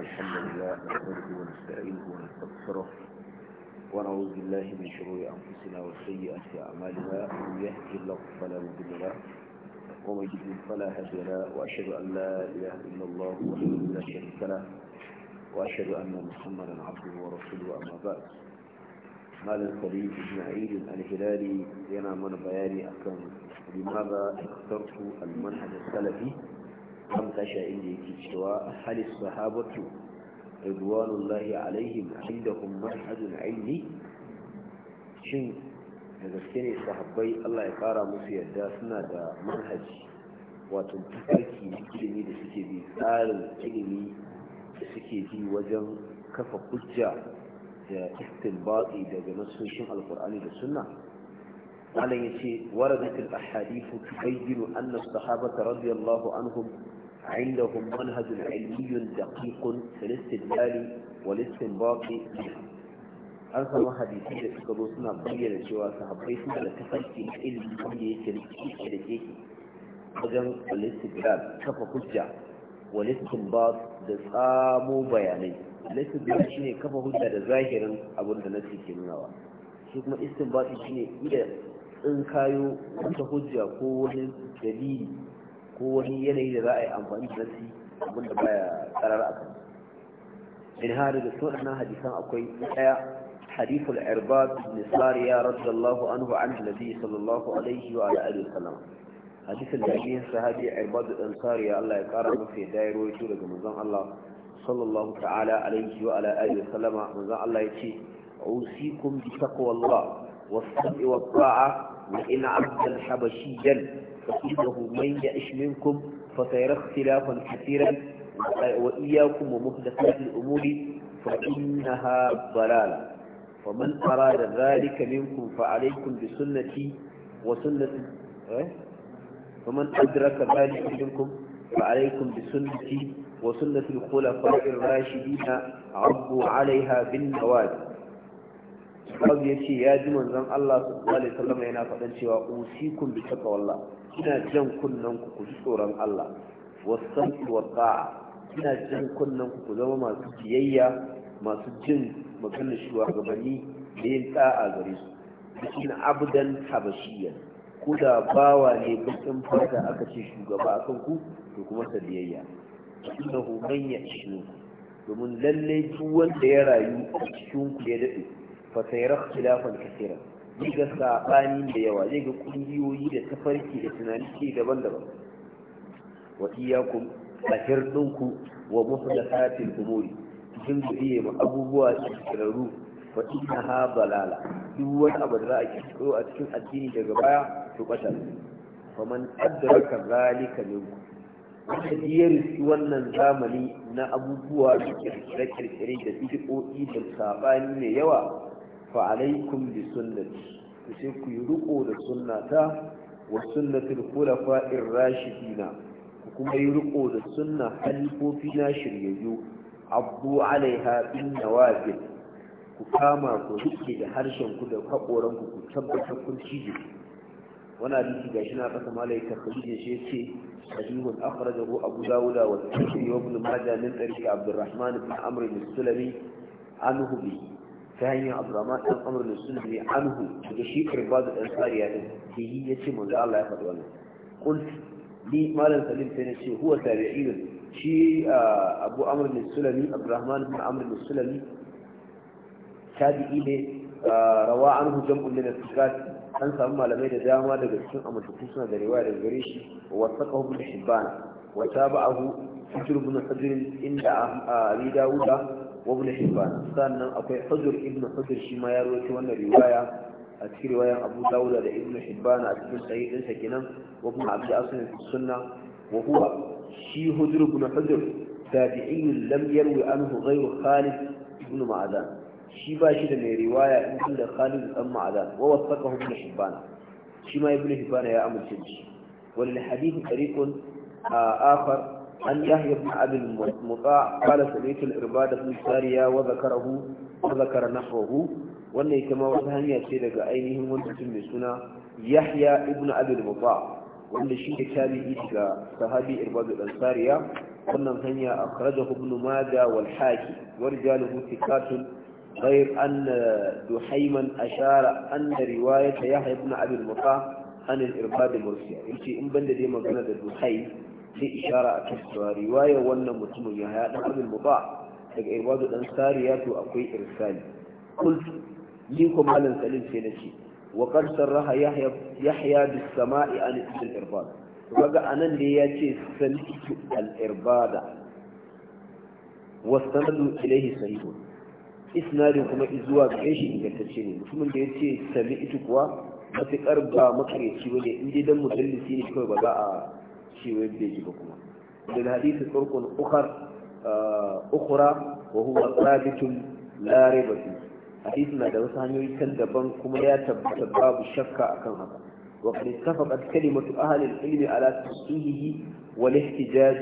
الحمد لله نحمده ونستعينه ونستغفره ونعوذ بالله من شرور أنفسنا وسيئات أعمالنا من يهده الله فلا مضل له ومن يضلل فلا هادي له وأشهد أن لا إله إلا الله وحده لا شريك له وأشهد أن محمدا عبده ورسوله أما بعد هذا الخليل بن عيد الهلالي لنا من بياني اكرم لماذا اخترت المنهج السلفي an tashi inda yake cewa halis sahabatu ridwanullahi alaihim indahum manhajul ilmi shin da gaske ne sahabbai Allah ya kara musu yadda suna da manhaji wato tafarki na ilimi da suke bi tsarin ilimi da suke bi wajen kafa hujja da istinbati daga nasoshin alkur'ani da sunna malam yace waradatul ahadithu tubayyinu anna as-sahabata radiyallahu anhum عندهم منهج علمي دقيق في الاستدلال والاستنباط an samu hadisi da suka zo suna bayyana cewa sahabbai suna da tafarki na ilimi wanda yake da kike da keke wajen alistigrad kafa hujja walistin ba da tsamo bayanai alistigrad shine kafa hujja da zahirin abin da nasu ke nunawa shi kuma istinbati shine iya tsinkayo wata hujja ko wani dalili ko wani yanayi da za a yi amfani da su abinda ba ya tsarar a kan in hari so ɗana hadisan akwai ɗaya hadisul irbad ibn sariya radiyallahu anhu an nabi sallallahu alaihi wa ala alihi sallama hadisul jami'in sahabi irbad ibn sariya Allah ya kara mafi dairo ya tura ga Allah sallallahu alaihi wa ala alihi sallama manzon Allah ya ce usikum bi taqwallah والصدق والطاعة وإن عبد الحبشي جل فإنه من يعش منكم فسيرى اختلافا كثيرا وإياكم ومحدثات الأمور فإنها ضلالة ومن أراد ذلك منكم فعليكم بسنتي وسنة ومن أدرك ذلك منكم فعليكم بسنتي وسنة الخلفاء الراشدين عضوا عليها بالنوادي Abu ya ce ya ji manzon Allah sallallahu alaihi wasallam yana faɗan cewa usikum bi taqwallah ina jan kunnan ku ku tsoron Allah wasamti wa ta'a ina jan kunnan ku ku zama masu biyayya masu jin maganar shugabanni da yin ta'a gare su cikin abdan habashiyya ko da bawa ne bakin fata aka ce shugaba a kanku to kuma ta biyayya innahu man ya'ishu domin lallai duk wanda ya rayu a cikin ku ya dade Fasairar khilafan kasira zai ga saɓani da yawa zai ga ƙungiyoyi da tafarki da tunani ke daban-daban wa iyakum tsakir ɗinku wa muhdathatil umuri cikin biye ma abubuwa tsakirarru fa inna ha balala duk wani abu da za a kirkiro a cikin addini daga baya to bata fa man adraka zalika minku wanda ya rufi wannan zamani na abubuwa da kirkire-kirkire da bid'o'i da saɓani mai yawa alaikum bi sunnati ta ce ku yi riko da sunnata wa sunnatin kula fa’in rashidi na ku kuma yi riko da sunna halifofi na shiryayyo abu alaiha in na ku kama ku riƙe da harshen ku da haƙoran ku tabbatar kun cije wani abinci gashi na ƙasa malaika khalid shi ce hadithun akhrajahu abu dawuda wa tafsir ibn majah min tariqi abdurrahman bin amr ibn sulami anhu bihi ta hanyar abdurrahman dan amr da sulbi anhu daga shi kirbadu dan tsari ya ke yi ya ce manzo Allah ya faɗi wani qul li malam salim sai na ce huwa tabi'in shi abu amr da sulami abdurrahman bin amr da sulami tabi'i ne rawa anhu jam'un min al-thiqat an samu malamai da dama daga cikin amintattu suna da riwaya daga gare shi wa saqahu bin hibban wa tabi'ahu hijr bin sadr inda abi dawuda wabula hibban sannan akwai hajjar ibn hajjar shi ya roƙi wannan riwaya a cikin abu dawuda da ibn hibban a cikin sahihinsa kenan wabula abu da asalin sunna wa huwa shi hajjar ibn hajjar tabi'in lam yarwi anhu ghayru khalid ibn ma'adan shi ba da mai riwaya in kun da khalid ibn ma'adan wa wasaqahu ibn hibban shi ibn hibban ya amince shi wal hadith tariqun a akhar عن يحيى بن أبي المطاع قال سمعت الإرباد بن سارية وذكره وذكر نحوه wannan ita ma wata hanya ce daga ainihin wani mai suna yahya ibn abul mufa wanda shi ne tabi'i daga sahabi irbadu dan sariya wannan hanya akhrajahu ibn majah wal haki wa rijaluhu thiqatun غير أن دحيما أشار أن رواية يحيى بن أبي المطاع عن الإرباد المرسي يمشي إن بند دي مغنى دحيم sai ishara a kan riwayar wannan mutumin ya haya dan abin muba daga irwazu dan ya to akwai irsali kultu ni ko malam salim sai na ce wa qad yahya yahya bis sama'i an al irbad kaga anan ne ya ce sami'tu al irbada wa sanadu ilayhi sahihun isnadin kuma zuwa gare shi ingantacce ne mutumin da ya ce sami'tu kuwa matuƙar ba makareci ba ne in dai dan mudallisi ne kawai ba za a shi wai bai ji ba kuma da hadisi turkun ah, wa huwa fi hadisi na da wasu hanyoyi kan daban kuma ya tabbata babu shakka akan haka wa qad istafaqat kalimatu ahli al-ilm ala tasihihi wal ihtijaj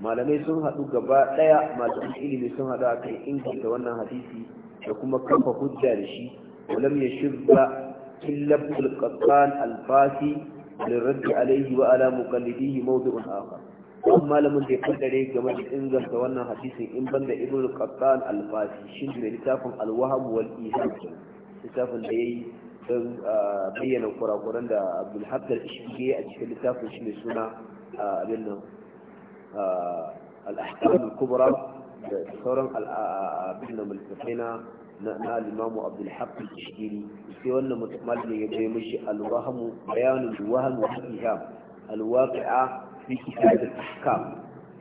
malamai sun haɗu gaba ɗaya masu ilimi sun haɗu a kan inganta wannan hadisi da kuma kafa hujja da shi walam ya shirba illabtul qattan للرد عليه وعلى مقلديه موضع آخر أما لمن يقول لديه جمال إنجل تولنا حديث إن بند ابن القطان الفاسي شند لتاف الوهم والإيهام لتاف ليه بيّن قرآن عبد الحق الإشبيلية أجل لتاف شند سنة من الأحكام الكبرى sauran abin da mulkaina na al-imamu abdul haqq al-shiri sai wannan mutumin ya bai mishi al-wahmu bayanul wahm wa iham al-waqi'a fi kitab al-ahkam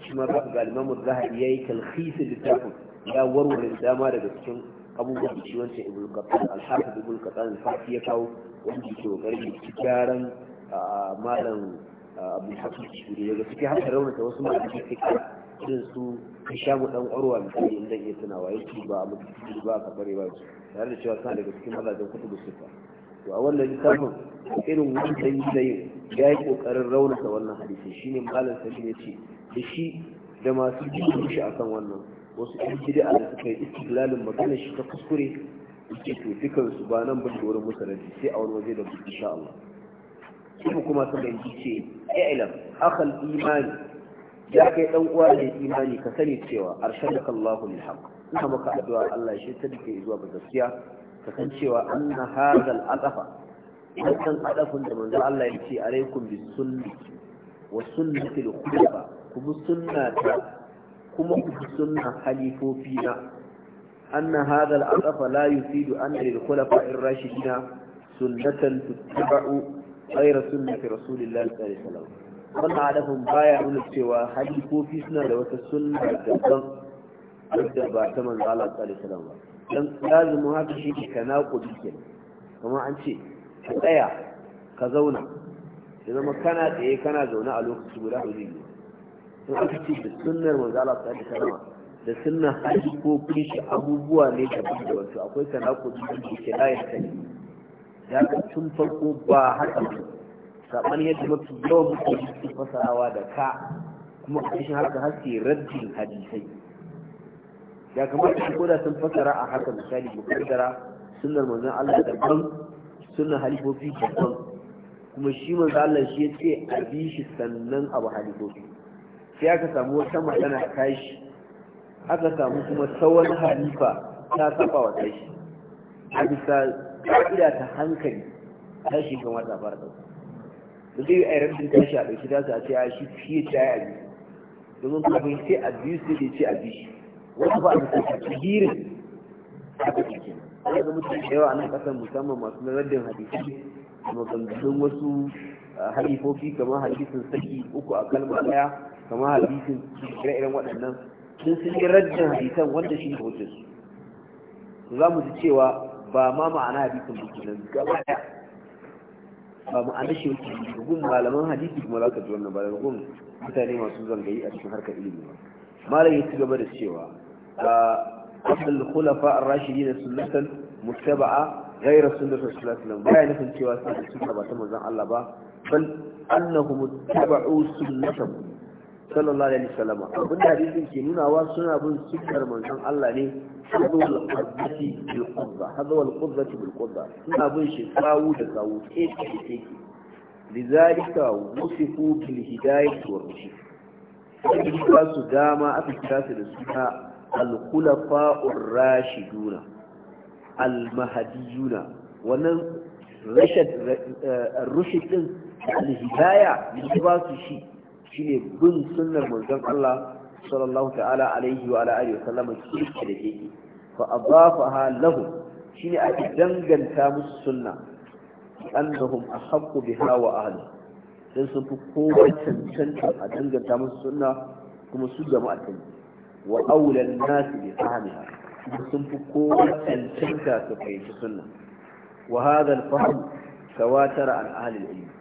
shi ma ba ga al-imamu az-zahabi yayi talkhis littafin ya warware dama daga cikin abubuwan da shi wancan ibnu qattan al-hafiz ibnu qattan al-fati ya kawo wanda ke kokarin gyaran malam abdul haqq al-shiri daga cikin har raunata wasu malamai irin su sha mu dan ƙwarwa misali in zan iya tunawa ya ci ba a mutu ba ka bare ba tare da cewa suna daga cikin mazajen kutubu sifa to a wannan littafin irin wannan dai ya yi ƙoƙarin raunata wannan hadisi shine malam sai ya ce da shi da masu jin shi akan wannan wasu ɗan a da suka yi istilalin magana shi ta kuskure yake to dukan su ba nan bin wurin musulunci sai a wani waje da insha Allah Kuma kuma sai da yake ce ya ilam akhal imani ya kai dan uwa da imani ka sani cewa arshadaka Allahu lil haqq ina maka addu'a Allah shi ta dake zuwa ga gaskiya ka san cewa anna hadha al idan wannan adafin da manzo Allah ya ce alaikum bis sunni wa sunnati al khulafa kuma sunnata kuma ku sunna halifofi na anna hadha al aqafa la yufidu anna lil khulafa ar rashidina sunnatan tutta'u غير سنة رسول الله صلى الله عليه وسلم wannan hadafin baya nuna cewa hadifofi suna da wata sunna daban wadda ba ta manzo Allah sallallahu alaihi wasallam ba dan lazimin haka shi ka kana kudi kenan kuma an ce ka tsaya ka zauna ya zama kana tsaye kana zaune a lokaci guda ba zai yi in aka ce da sunnar manzo Allah sallallahu alaihi wasallam da sunnar hadifofin shi abubuwa ne daban da wasu akwai kana kudi da ke layin sani da tun farko ba haka ba saɓani yadda mafi yawan mutane su fasarawa da ka kuma ƙarshen haka haske raddin hadisai ya kamata su koda sun fasara a haka misali mu kaddara sunnar manzon Allah ban, sunnar halifofi da ban. kuma shi manzon Allah shi ya ce a bi shi sannan abu halifofi sai aka samu wata magana kashi. aka samu kuma tsawon halifa ta saba wa tashi a bisa ka'ida ta hankali shi kamar wata fara ɗauka da zai yi ayyar rabin tashi a ɗauki ta sa ce a shi fiye ya yi a yi domin kafin sai a biyu sai da ce a biyu. shi wasu ba a bisa shafi girin ka cikin ana ga mutane da yawa a nan ƙasar musamman masu nazarin hadisi da maganganun wasu ah, halifofi kamar hadisin saki uku a kalma ɗaya kamar hadisin ire-iren waɗannan sun sun yi raddin hadisan wanda shi ne su. za mu ji cewa ba ma ma'ana hadisin bukinan gaba ɗaya ba mu an shi gun malaman hadisi kuma za ka ji wannan ba da gun mutane masu zangayi a cikin harkar ilimi malam ya ci gaba da cewa abdul khulafa ar-rashidin sunnatan muttaba'a ghayra sunnati rasulullah sallallahu alaihi wasallam bayan nufin cewa sai sunna ba ta manzon Allah ba bal annahum ittaba'u sunnatahu sallallahu alaihi wasallam abin da hadisin ke nunawa suna bin sikkar manzon Allah ne hadwal qudrati bil qudda hadwal qudrati bil qudda suna bin shi sawu da sawu keke keke lidhalika wusifu bil hidayati wa rushd sai ba su dama aka kira su da suna al khulafa'ur rashiduna al mahdiyuna wannan rashad eh, rushd din al hidaya ne ba su shi ne bin sunan manzon Allah sallallahu ta'ala alaihi wa alihi wa sallama kike da kike fa adafaha lahu shine ake danganta musu sunna annahum ahaqqu biha wa ahli dan sun fi kowa cancanta a danganta musu sunna kuma su jama'a ta wa aulan nas bi fahmiha sun fi kowa cancanta su fahimci sunna wa hadha al-fahm tawatara an ahli al-ilm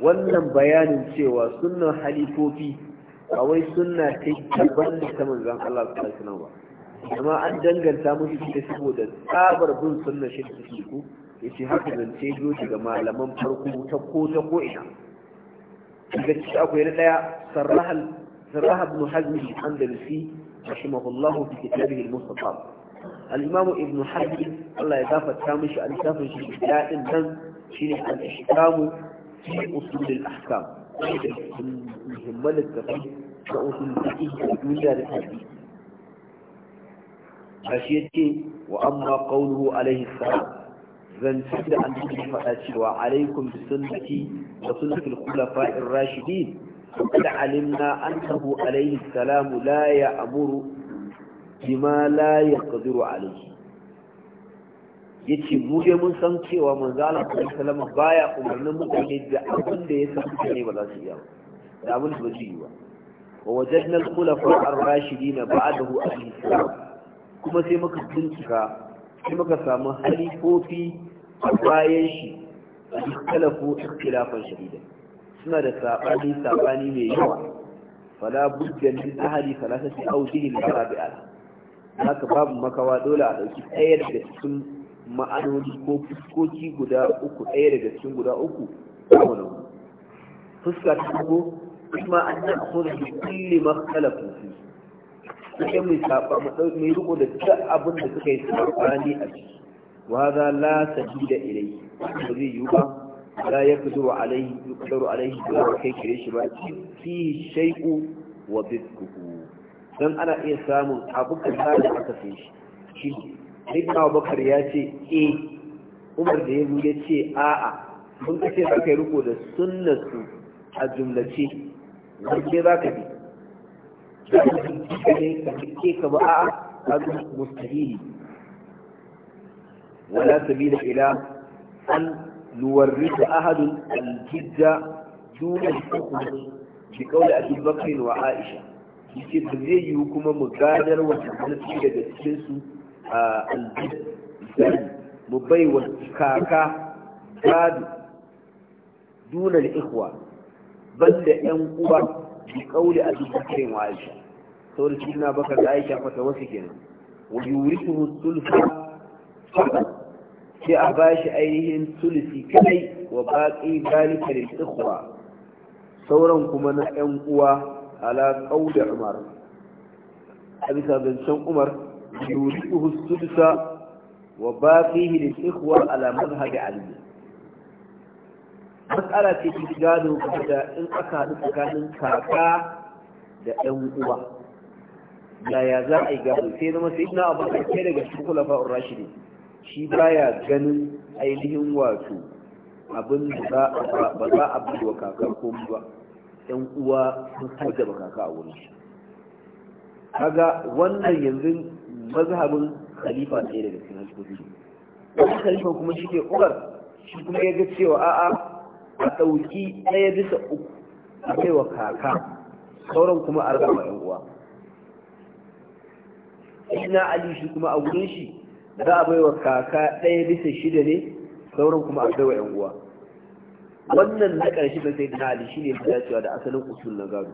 wannan bayanin cewa sunnan halifofi a wai sunna ta yi tabbar da ta manzan Allah su kai ba amma an danganta musu ita saboda tsabar bin sunna shi da ku yace haka zance zo ga malaman farko ta ko ta ko ina daga ciki akwai na daya sarrahal sarrah ibn da al-andalusi rahimahullahu fi kitabihi al-mustaqab al-imam ibn hazm Allah ya gafarta mishi al-kafin shi da din nan shine al-ihkamu fi usulul ahkam muhimman littafai na usul fiqh da duniya da hadisi gashi yace wa amma qawluhu alaihi salam zancen da an yi faɗa bi sunnati wa sunnati al-khulafa'ir rashidin فقد علمنا أنه عليه السلام لا يأمر بما لا يقدر عليه yace mu dai mun san cewa manzo Allah sallallahu alaihi wasallam baya umarnin mutane da abin da ya san ne ba za su yi ba da abin da ba su yi ba wa wajadna al-khulafa ar-rashidin ba'dahu al-islam kuma sai muka bincika sai muka samu halifofi a bayan shi a ikhtalafu ikhtilafan shadidan suna da sabani sabani mai yawa fala budda min ahli thalathati awjihi al-rabi'a haka babu makawa dole a dauki ɗaya daga cikin ma'anoni ko fuskoki guda uku ɗaya daga cikin guda uku kowane fuska ta farko kuma an na kuma da kulle makalafu su Suke mai saba mai riko da ta abin da suka yi sabani a ciki wa za la da irai ba zai yi ba fi zuwa alaihi zuwa alaihi ba kai kire shi ba fi shaiku wa bisku Don ana iya samun abu kaza da aka fi shi shi Ibn Abubakar ya ce e Umar da yabu ya ce a'a mun kace za ka yi riko da sunnar su a jumlace wani ke za ka bi za ka yi cikin ne ka cike ka ba a'a ka zo mustahili wala sabila ila an nuwarrisu ahadun aljidda duna hukumu bi kawli abubakar wa aisha yace ba zai yiwu kuma mu gadar wata mulki daga cikin su aljidari mu bai wa kaka gado dunar ikhwa banda yan uwa bi kauli a duk cikin wa'azi saboda shi na baka da a fata wasu kenan wa yurithu sulfa sai a bashi ainihin sulfi kai wa baqi zalika lil ikhwa sauran kuma na yan uwa ala qauli umar a bisa zancen umar يورثه السدس وباقيه للإخوة على مذهب علي مسألة في gado da in aka haɗu tsakanin kaka da ɗan uwa yaya za a yi gado sai zama sai ina abu da ke daga cikin kulafa'ur rashidi shi baya ganin ainihin wato abin da ba za a bi wa kaka ba ɗan uwa sun haɗa ba a wurin shi kaga wannan yanzu mazhabin khalifa ɗaya daga cikin halifofi wani khalifa kuma shi ke umar shi kuma ya ga cewa a'a a ɗauki ɗaya bisa uku a kai wa kaka sauran kuma a raba ƴan uwa ina ali shi kuma a wurin shi za a bai wa kaka ɗaya bisa shida ne sauran kuma a kai wa ƴan uwa wannan na ƙarshe da sai na ali shi ne ya cewa da asalin usul na gado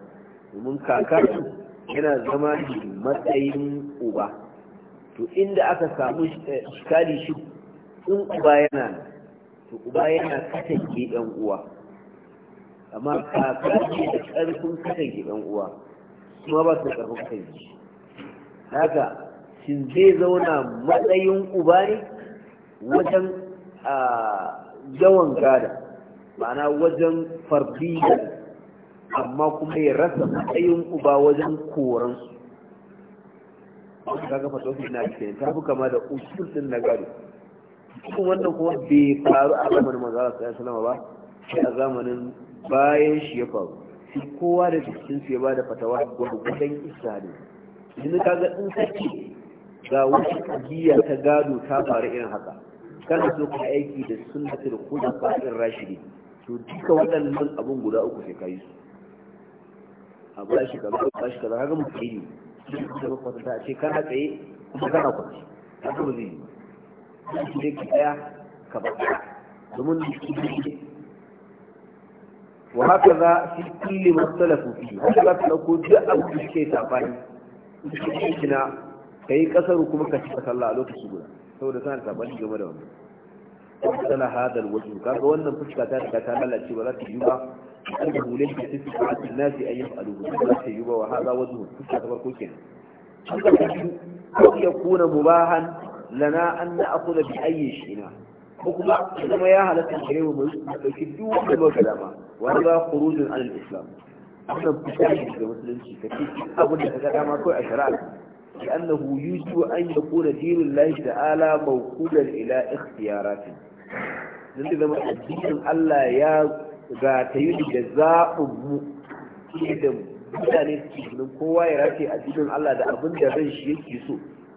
domin kaka yana zama matsayin uba to inda aka samu eh, shikali shi in uba yana to uba yana katange ɗan uwa amma kaka ce da ƙarfin katange ɗan uwa kuma ba su da ƙarfin katange haka shi zai zauna matsayin uba ne wajen a yawan gada ma'ana wajen farbiya amma kuma ya rasa matsayin uba wajen koransu wani gafa fasofi na cikin ta fi kama da usul din na gado cikin wannan kuma bai faru a zamanin mazara su ya salama ba sai a zamanin bayan shi ya faru shi kowa da cikin su ya ba da fatawa gudan isa ne ka ga in sake ga wasu kabiya ta gado ta faru irin haka kana so ka aiki da da kudin khulafa'ir rashidi to duka waɗannan abun guda uku sai yi su a ba shi kaza ba shi kaza kaga mutum ne da ba kwatanta a ce kana tsaye kuma kana kwanci a kuma zai yi ba shi ne ki ɗaya ka ba domin wa haka za su fi kulli masalafu fi haka za ka ɗauko duk abu da suke safani suke kina ka yi ƙasar kuma ka ci sallah a lokaci guda saboda suna da safani game da wannan وحسن هذا الوجه كان وأن فشكا تاركا تعمل لا شيء ولا تجيبا أنه ليس في سعة الناس أن يفعلوا ولا تجيبا وهذا وجه فشكا تبركو كنا أو يكون مباها لنا أن نأخذ بأي شيء حكم كما يا هل تنكريه ويكدوه كما كلاما وهذا خروج عن الإسلام أحنا بتشاهد كمسلم كثير أقول لك ما كل أشراك لأنه يجب أن يكون دين الله تعالى موكولا إلى اختياراته don da zama addinin Allah ya yi da zaɓin mu da mutane su cikin kowa ya rafe addinin Allah da abin da ran shi yake so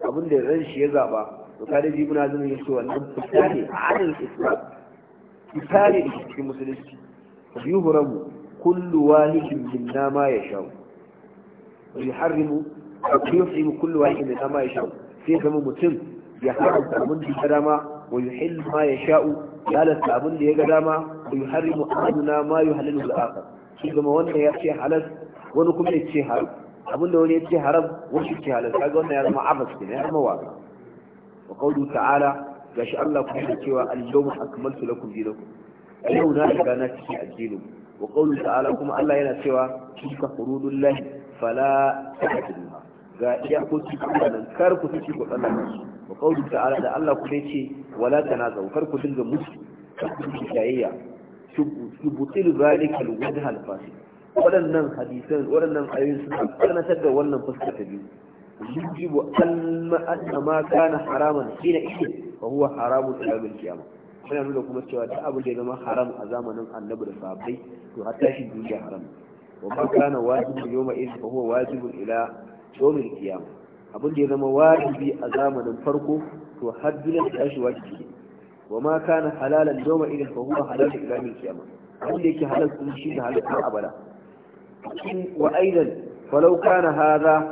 abin da ran shi ya zaɓa to kada ji muna zama yake wannan fita ne a adin islam fita ne da cikin musulunci biyu mu kullu wahidin minna ma ya sha'u yuharrimu yuhrimu kullu wahidin minna ma ya shawo. sai zama mutum ya haramta mun da dama wa yuhillu ma yasha'u ya lasta abin da ya ga dama wa yuharrimu ahaduna ma yuhallilu al-akhar shi kuma wanda ya ce halal wani kuma ya ce haram abin wani ya ce haram wani ce halal kaga wannan ya zama abas ne ya zama wasa wa qawlu ta'ala gashi Allah kuma ya cewa al-yawma akmaltu lakum dinakum yau na shiga na ciki addinin wa kuma Allah yana cewa tilka hududullahi fala ta'tuha ga nan kar wa qawli ta'ala da Allah kuma ce wala tana kar ku dinga musu shayayya tubtil zalika alwajh alfasid Waɗannan hadisan waɗannan ayoyin suna karnatar da wannan fuska ta biyu yujibu anna ma kana haraman ina ikin fa huwa haramun ila bil qiyamah yana nuna kuma cewa ta abu da ya zama haram a zamanin annabi da sahabbai to har ta tashi duniya haram wa ma kana wajibun yawma idh ba huwa wajibun ila yawmil qiyamah abin da ya zama wajibi a zamanin farko to har duniya ya shi wajibi wa ma kana halalan yawma idan fa huwa halal ila min kiyama abin da yake halal kuma shi ne halal har abada wa aidan falau kana hadha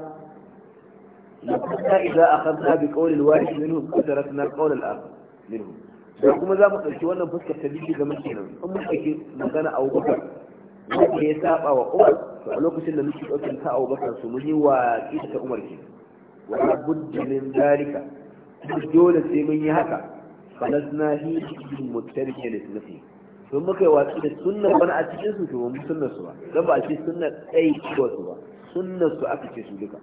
لكنا إذا أخذنا بقول الواحد منهم قدرتنا قول الآخر منهم da kuma za mu ɗauki wannan fuskar ta jiki ga mace nan in mun ɗauki magana a bakar wanda ya saba wa umar to a lokacin da muke ɗaukin ta a bakar su mun yi wa ta umar ke wa budda min kuma dole sai mun yi haka falasna hi bin mutarke da sunafi To muka yi watsi da sunnar wani a cikin su to mun sunnar su ba dan ba a ce sunnar kai ko su ba sunnar su aka ce su duka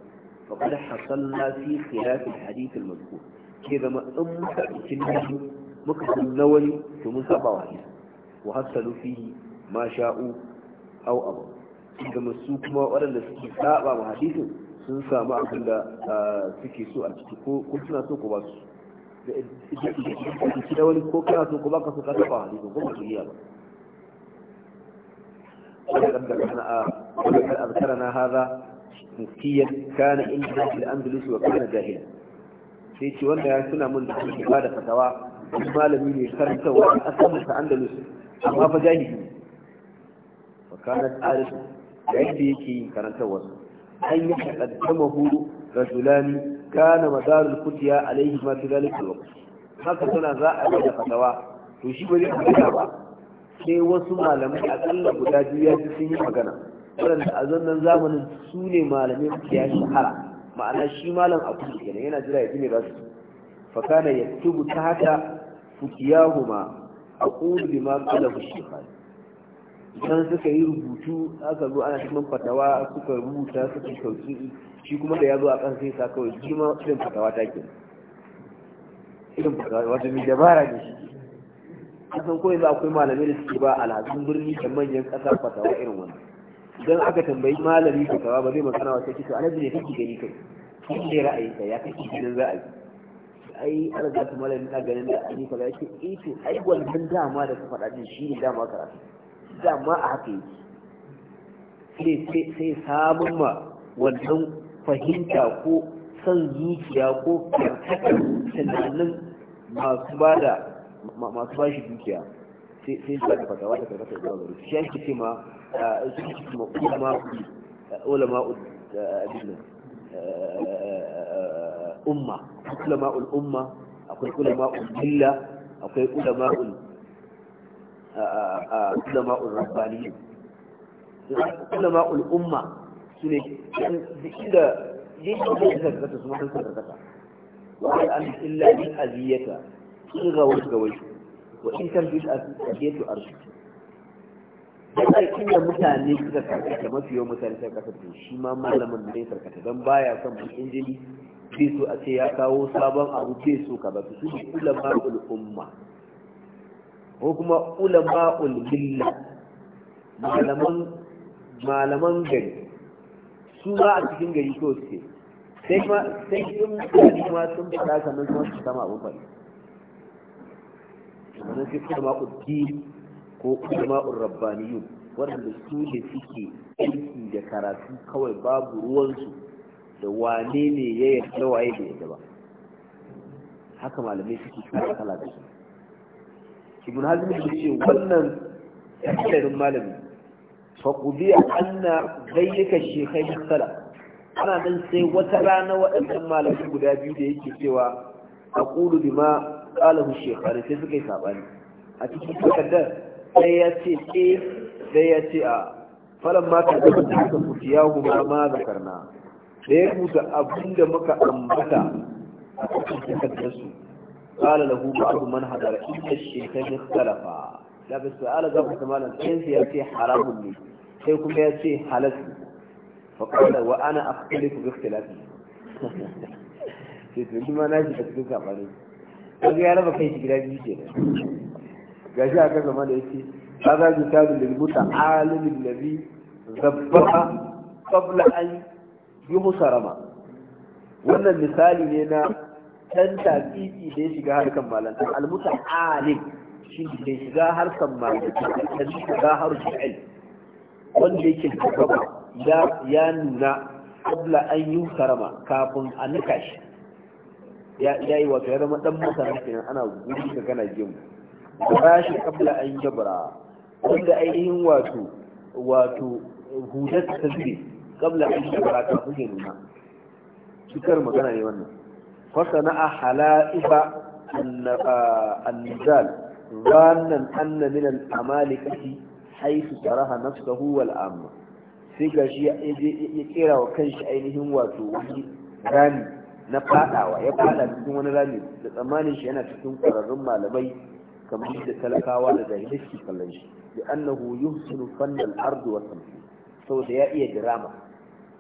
faqad hasalna fi khilaf al-hadith al-mazkur ke zama in muka cikin nasu muka san na wani to mun saba wa hadisi wa hasalu fihi ma sha'u aw abu kuma su kuma waɗanda suke saba wa hadisin sun samu abin da suke so a ciki ko suna so ko ba su da wani ko kana so ko ba ka so ka taba hadisin ko ba su iya ba ولقد أذكرنا هذا مفتيا كان عندنا في الأندلس وكان جاهلا sai ce wanda ya suna mun da ake ba da fatawa wani malami ne karanta wani asalin ta andalus amma fa jahili ne fa kana tsarin da yadda yake yin karantarwarsa أن يتقدمه رجلان كان مدار الفتيا عليهما في ذلك الوقت haka suna za a da fatawa to shi ba zai magana ba sai wasu malamai akalla guda biyu ya sun yi magana waɗanda a zannan zamanin su ne malamai ya ma'ana shi malam abu kenan yana jira ya ji fakana ya tubu ta haka futiyahuma aqulu bima qala fi shaytan idan suka yi rubutu aka zo ana cikin fatawa suka rubuta suka sauki shi kuma da ya zo a kan sai sa kawai shi ma irin fatawa ta ke irin fatawa wata mai dabara ne shi kasan za yanzu akwai malamai da suke ba alhazin birni da manyan ƙasa fatawa irin wani idan aka tambayi malami fatawa ba zai magana wata kisa alaji ne kake gani kai shi ne ra'ayinka ya kake ganin za a yi ai ana za ta malami na ganin da ayyuka da yake eh to ai wannan dama da ka faɗa din shi ne dama karatu dama a haka yake sai samun ma wannan fahimta ko son zuciya ko karkatar tunanin masu ba da masu ba shi dukiya sai su da fatawa karkatar gari shi yake ce ma su ke ce ma ulama ulama umma ulama ul'umma akwai ulama ul'illa akwai ulama ulama'ul rabbaniyu ulama'ul umma su ne duk da duk da suka karkata su matan suka wani an illa in aziyata sun ga wasu ga wasu wa in kan bil a arshi duk aikin da mutane suka karkata mafi yawan mutane suka karkata shi ma malamin da ya karkata don baya son bakin jini bai so a ce ya kawo sabon abu bai so ka ba su ne ulama'ul umma ko kuma ulama'ul billa malaman malaman gari su ba a cikin gari ko suke sai kuma sai in mutane ma sun faɗa sannan kuma su sama abin faɗi sannan sai ulama'ul din ko ulama'ul rabbaniyun wanda su ne suke aiki da karatu kawai babu ruwansu da wane ne ya da waye da yarda ba haka malamai suke kala kala da shi. ibn hazm da ce wannan tsarin malami fa qudiya anna zayyaka shekai salaf ana nan sai wata rana waɗannan malamai guda biyu da yake cewa aqulu bima qalahu shaykhain sai suka yi sabani a cikin takardar sai ya ce eh, sai ya ce a falan ma ka zama da haka futiyahu ma ma da ya rubuta abin da muka ambata a cikin takardarsu قال له بعض من حضر إن الشيخين اختلفا لا بس سؤال زبط تماما كيف يأتي حرام لي كيف يأتي حلال فقال وأنا أختلف باختلافي sai ma na shi a cikin saɓani an ya raba kai shi gida biyu ke nan ga a kan zama da yake ba za ki tabi da rubuta alimin wannan misali ne na dan tafiƙi da ya shiga harkan malanta almuta alim shi da shiga harkan malanta da shiga harkan ilmi wanda yake gaba ya ya nuna abla an yi karama kafin a nika shi ya yayi wato ya zama dan masana kenan ana gudu da kana gemu ba shi abla an jabra wanda ainihin wato wato hudar ta zube kabla an jabra kafin ya nuna cikar magana ne wannan فصنع حلائب النزال ظانا ان من الاعمال كفي حيث صرها نفسه والعامه sai ga shi ya kera wa kanshi ainihin wato wani rami na fadawa ya fada cikin wani rami da tsammanin shi yana cikin kwararrun malamai kamar da talakawa da jahilai su kallon shi da annahu yuhsinu fannal ardu wa saboda ya iya drama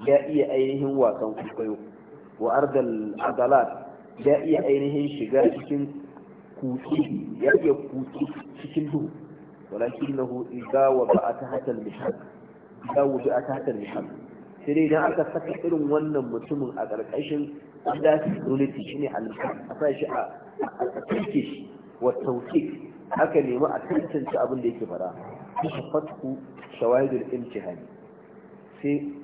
ya iya ainihin wasan kwaikwayo wa ardal adalat ya iya ainihin shiga cikin kutsi ya iya duhu walakin lahu idza wa ba'a tahta al-mihak sai dai idan aka saka irin wannan mutumin a ƙarƙashin under security shine al a sa shi a tsarki shi aka nemi a tantance abin da yake fara fatku shawahidul imtihani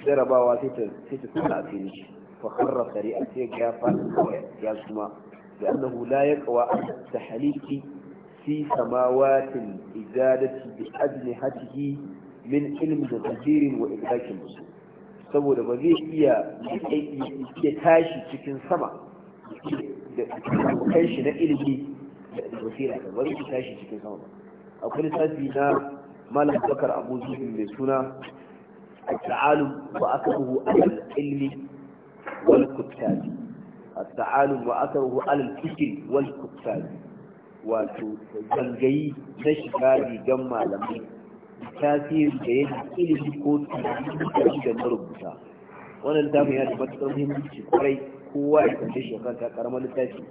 jarabawa sai ta sai ta a shi فخر سريعا يا فاطمه يا جماعه لانه لا يقوى على التحليق في سماوات min بأجنحته da علم كثير وإدراك المسلم saboda ba zai iya ya tashi cikin sama da kai shi na ilimi da basira ba zai tashi cikin sama ba akwai lissafi na malam bakar abu mai suna a ta'alum ba aka a ilmi والكتاب التعالم وأثره على الفكر والكتاب وتزنجي تشغالي جمع لمن تاثير بين إلي الكود da na rubuta wannan littafin yana da matuƙar muhimmanci kwarai kowa ya kalle shi kanka karamar littafi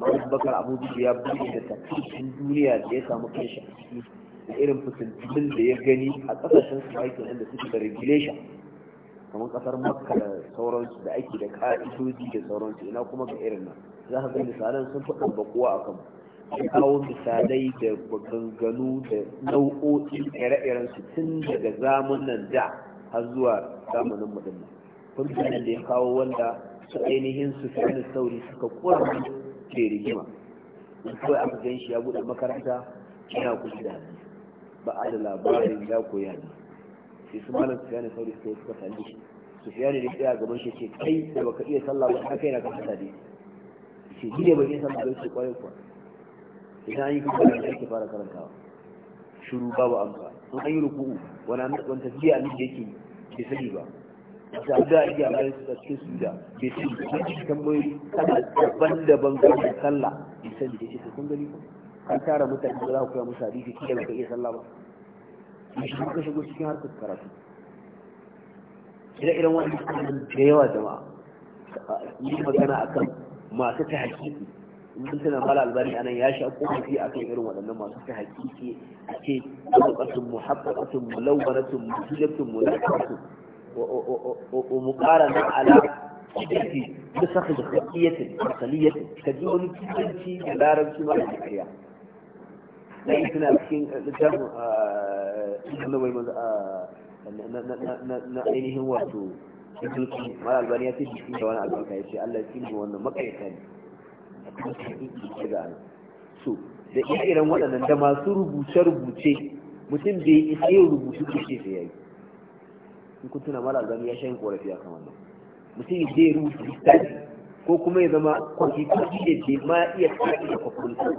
Mahmud Bakar ya buɗe da tafsirin duniya da ya samu kanshi a ciki da irin fitintulun da ya gani a ƙasashen su ma da regulation kamar kasar makka da sauransu da ake da ka'idoji da sauransu ina kuma ga irin nan za ka ga misalan sun fi ɗabbaƙuwa a kan kawo misalai da maganganu da nau'o'i ire-iren su tun daga zamanin da har zuwa zamanin mu kun da ya kawo wanda su ainihin su na sauri suka kwarfi ke rigima kawai aka gan shi ya buɗe makaranta yana kusa da ba a da labarin ya koya ne sai su malam sufyan sauri sai suka sande shi sufyan ne tsaya gaban shi ce kai da baka iya sallah ba haka yana kan hadisi ce ni ne ban iya sallah ba sai kwarai kuwa idan an yi kuka da ake fara karantawa Shuru babu amsa in an yi ruku'u wani an wani tafiya ne da yake bai sani ba da da ake a bayan su cikin su da bai sani ba sai cikin tambayoyi kala daban-daban ga sallah bai sani da shi sun gani ko an tara mutane da za ku koya musu hadisi kila baka iya sallah ba shi ka shigo cikin harkar karatu ire iren wani mutanen da yawa jama'a yi magana akan masu ta hakiki in tana mala albani anan ya sha kofi akan irin waɗannan masu ta hakiki a ce tabbatun muhabbatun mulawwaratun mujilatun mulakatun ومقارنة على بسخ خلقية عقلية تجون تجنشي لا رمشي ما لا يمكن أن تكون kalmar na ainihin wato ikilki mara albani ya ce jikin da wani albarka ya ce allah shi ne wannan makaita ne a kuma shi ne ga ana so da ire-iren waɗannan da masu rubuce-rubuce mutum bai isa yin rubutu da ke sai ya yi in kun tuna mara albani ya shayin korafi a kan wannan mutum ya je rubuta littafi ko kuma ya zama kwafi kwafi da bai ma iya kwafi da kwafi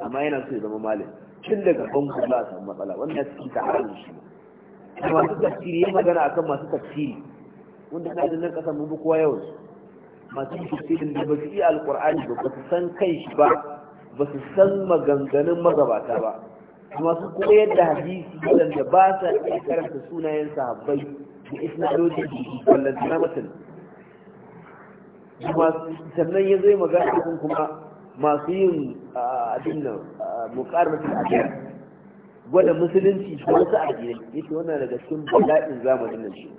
amma yana so ya zama malin. tun daga bangu za a samu matsala wannan suke ta harin shi ne masu tafsiri ya magana akan masu tafsiri wanda na jin nan kasan mun kowa yawan masu tafsirin da ba su iya alkur'ani ba ba su san kai shi ba ba su san maganganun magabata ba masu koyar da hadisi waɗanda ba sa iya karanta sunayen sahabbai da isnadodin wallan sanamatin sannan ya zai magana kuma masu yin abin nan mukarmatin abin gwada musulunci da wasu addinai yake wannan daga cikin bala'in zamanin nan shi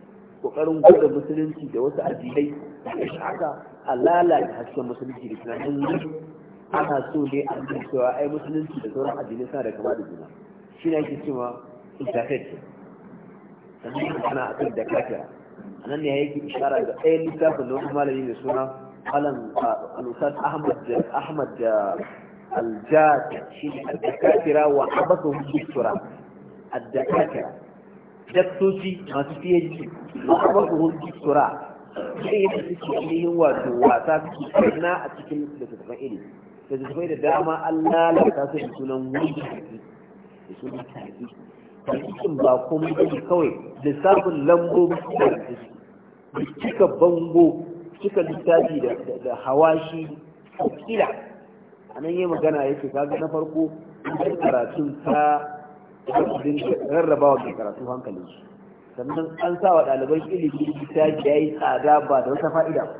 kokarin gwada musulunci da wasu addinai da shi haka a lalata hasken musulunci da tunanin ana so ne a cikin cewa ai musulunci da sauran addinai suna da kama da juna shi ne ake cewa interfet sannan ana akan da kafira a nan ne yake ishara ga ɗayan littafin na wani malami mai suna malam alusat ahmad ahmad aljad shi ne addakatira wa abasu bisura addakatira daktoci masu fiye wa abasu bisura sai yadda suke ainihin wato wasa suke kaina a cikin littattafan ilimi littattafai da dama Allah lalata su da sunan wuri da sunan tafi cikin ba komai ne kawai lissafin lambobi da su cika bango cika littafi da hawashi kila a nan yi magana ya ce kaga na farko ɗin karatun ta rarraba mai karatu hankalin su sannan an sa wa ɗaliban ilimin littafi ya yi tsada ba da wata fa'ida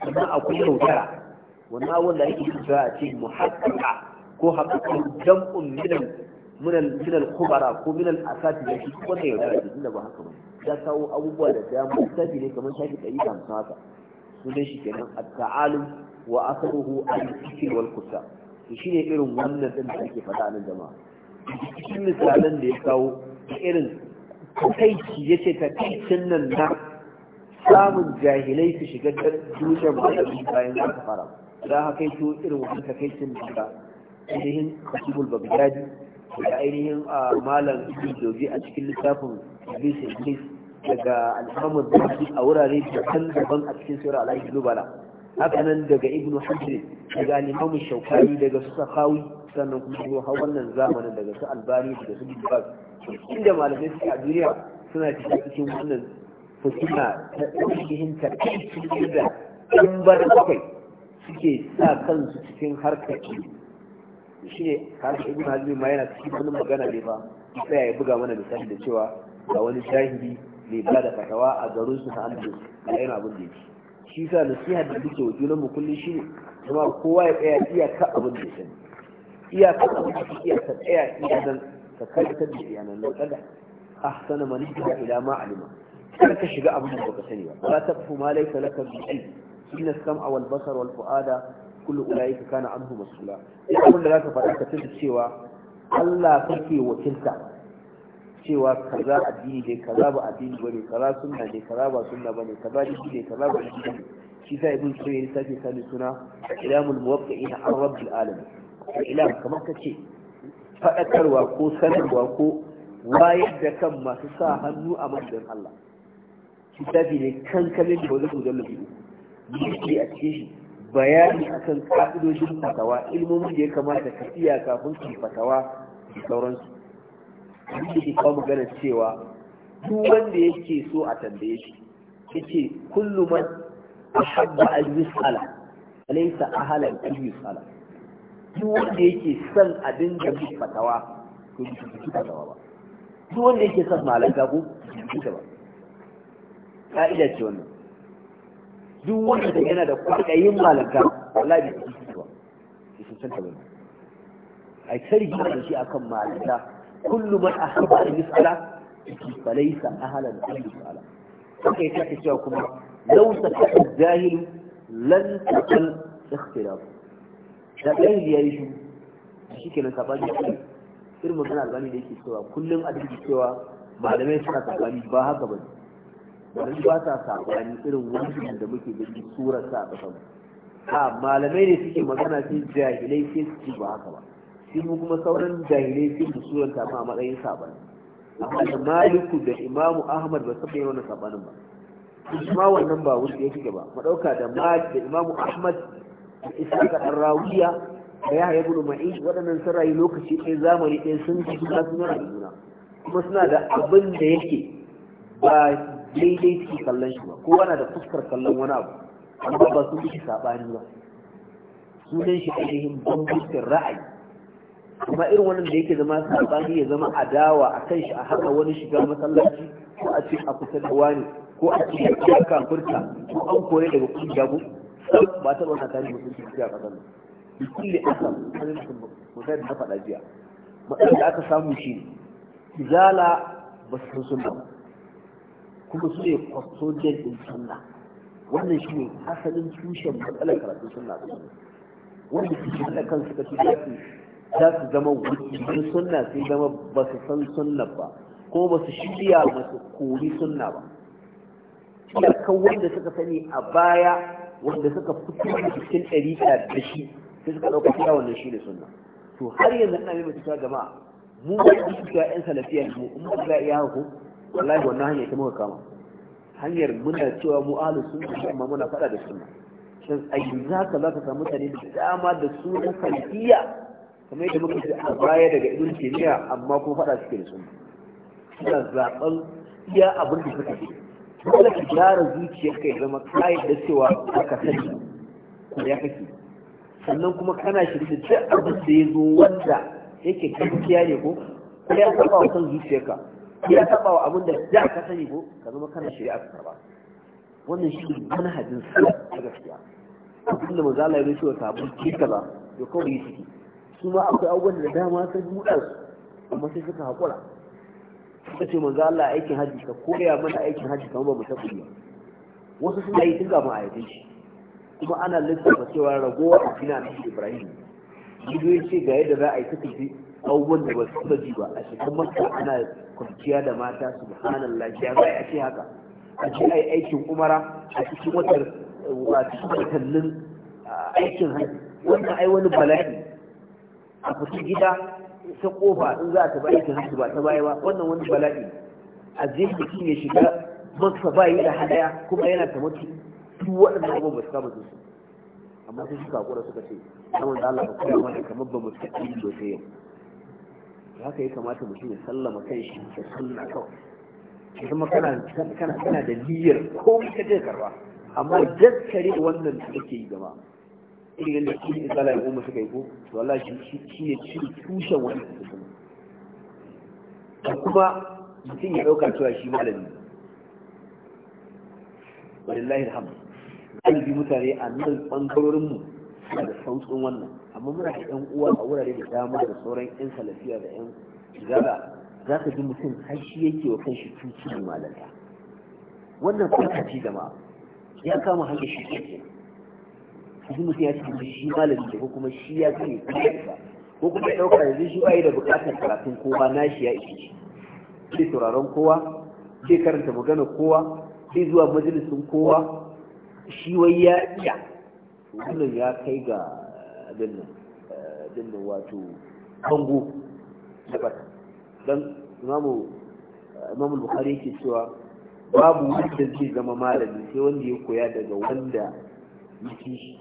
sannan akwai yaudara wannan abun da ake kira a ce muhakkaka ko haƙaƙin jam'un minan minan kubara ko minan asati da shi wanda yaudara da ba haka ba ya kawo abubuwa da dama littafi ne kamar shafi ɗari da hamsin haka sunan shi kenan at-ta'alum wa asaluhu al-fikr wal kutab to irin wannan din da ake faɗa nan jama'a cikin misalan da ya kawo irin takaici yace takaicin nan na samun jahilai su shiga dushen malami bayan za ta fara da haka yi irin wani takaicin da ainihin kasibul bagdadi da ainihin ah, malam ibn jobi a cikin littafin iblis iblis daga alhamu zafi a wurare daban daban a cikin sura al'ayi lubala haka nan daga ibn hajjir daga alimamu shaukari daga su sakawi sannan kuma zuwa har wannan zamanin daga su albani daga su bibas inda malamai suke a duniya suna cikin cikin wannan fitina ta ɗaukihin ta cikin da ɗan bar bakwai suke sa kansu cikin harkar shi ne harkar ibn hajjir ma yana cikin wani magana ne ba sai ya buga mana misali da cewa ga wani jahili mai ba da fatawa a garin su na andalus a yana abin da yake shi sa nasiha da muke wa junan mu kullum shine kuma kowa ya tsaya iyaka abin da ya sani iyaka abin da ya ka tsaya iyakan ka karkatar da iyanan nan kada ahsana man ihda ila ma alima kada ka shiga abin da baka sani ba la taqfu ma laysa laka bi ilm inna as-sam'a wal basara wal fu'ada kullu ka kana anhu mas'ula duk abin da za ka faɗa ka tunda cewa Allah kake wakilta cewa kaza addini ne kaza ba addini ba ne kaza sunna ne kaza ba sunna ba ne kaza dini ne kaza ba dini ne shi sa ibn sura ya lissafi sami suna ilamul muwaqqi'ina an rabbil alamin ilam kamar ka ce faɗakarwa ko sanarwa ko wayar da kan masu sa hannu a madadin Allah kitabi ne kan kalin da wani gudan lafi yake a cikin shi bayani akan ka'idojin fatawa ilmomin da ya kamata ka iya kafin ki fatawa da sauransu abin da kawo magana cewa duk wanda yake so a tambaye shi yake kullu man ahabba al yus'ala alaysa ahalan al yus'ala duk wanda yake son a dinga bi fatawa to bi ke fatawa ba duk wanda yake son malaka ko bi ba ka'ida ce wannan duk wanda da yana da kwaɗayin malaka wallahi bi shi ba bi shi ai da shi akan malaka kullu man ahabba an yusala falaysa ahlan an yusala haka yake ta cewa kuma law sakata jahil lan taqal ikhtilaf da jahil ya yi shi kenan sabani irin magana albani da yake cewa kullum a cikin cewa malamai suna sabani ba haka ba ne ba sa sabani irin wani da muke gani surar a kasan a malamai ne suke magana sai jahilai sai su ba haka ba sai mu kuma sauran jahilai sai mu suranta a matsayin saban amma da maliku da imamu ahmad ba saba yawan sabanin ba kuma wannan ba wuce ya shiga ba mu da maliku da imamu ahmad da isaka ɗan rawiya da yahya da ma'in waɗannan sun rayu lokaci ɗaya zamani ɗaya sun ci suna suna da juna kuma suna da abin da yake ba daidai suke kallon shi ba kowa na da fuskar kallon wani abu amma ba sun fi saɓani ba sunan shi ainihin bambancin ra'ayi kuma irin wannan da yake zama sabani ya zama adawa a kan shi a haka wani shiga masallaci ko a ce a kusa da wani ko a ce ya furta ko an kore daga kungiya jabu ba ta wannan tare musulunci a kasar nan kulli asam an mutum mutai da faɗa jiya matsayin da aka samu shi izala ba su san sunna ba kuma su ne kwasojiyar din sunna wannan shi ne asalin tushen matsalar karatun sunna wanda su shi da kansu ka ci za su zama wajen sunna sai zama ba su san sunna ba ko ba su shirya ba su koyi sunna ba iyakar wanda suka sani a baya wanda suka fito da cikin ɗarika da shi sai suka ɗauka cewa wannan shi ne sunna to har yanzu ana mai mutuwa jama'a mu ba su cewa yan salafiya mu in mu ga iya ku wallahi wannan hanyar ta muka kama hanyar muna cewa mu ahlus sunna amma muna faɗa da sunna shin a yanzu haka za ka samu mutane da dama da sunan salafiya kamar yadda muka ce a baya daga ibn kimiyya amma kuma fada suke da sunna suna zaɓar iya abin da suka ce dole ka gyara zuciyarka ya zama kai da cewa ka sani ko ya kake sannan kuma kana shirye da duk abin da ya zo wanda yake gaskiya ne ko ko ya saba wa san zuciyarka ya saba wa abin da da ka sani ko ka zama kana shirye a ba? wannan shi manhajin sa gaskiya abin da maza Allah ya rubuta sabon kika ba to kawai yi ciki su ma akwai abubuwan da dama sun buɗa su amma sai suka haƙura suka ce manzo Allah aikin hajji ka koya mana aikin hajji kamar bamu mu taɓa yi wasu suna yi tun kafin ayatin shi kuma ana lissafa cewa ragowa a cikin annabi Ibrahim Gido ya ce ga yadda za a yi suka ce abubuwan da ba su taɓa ji ba a cikin mata ana kwanciya da mata subhanallah ya za a ce haka a ce ai aikin umara a cikin watan a cikin watannin aikin haji, wannan ai wani bala'i a fita gida ta kofa in za a taɓa ta hajji ba ta baya ba wannan wani bala'i a zai shi ya shiga masa bayi da hadaya kuma yana ta mutu duk waɗannan abubuwan ba su kama su amma sai suka hakura suka ce saman da Allah ba kuma mana kamar ba mutu ta ɗin da yau haka ya kamata mutum ya sallama kan shi ya sallama kawai kuma kana kana kana da niyyar komai ka je karba amma daskare wannan da ke yi gaba irin yadda su ne tsala ya goma suka yi ko to Allah shi ne shi tushen wani mutum da kuma mutum ya ɗauka cewa shi malami wallahi alhamdu bi mutane a nan ɓangarorin mu suna da sauƙin wannan amma muna da ƴan uwa a wurare da dama da sauran ƴan salafiya da ƴan zara za ka ji mutum har shi yake wa kanshi tuci da malanta wannan kwanta ce jama'a ya kama hanyar shi kenan duk mutum ya ce shi malami ne ko kuma shi ya ce ko kuma ya ɗauka yanzu shi ba da buƙatar karatun kowa na shi ya ishe shi zai sauraron kowa zai karanta magana kowa zai zuwa majalisun kowa shi wai ya iya wannan ya kai ga abin nan eh, wato bango na bata don imamu imamu bukhari yake cewa babu wanda zai zama malami sai wanda ya koya daga wanda ya shi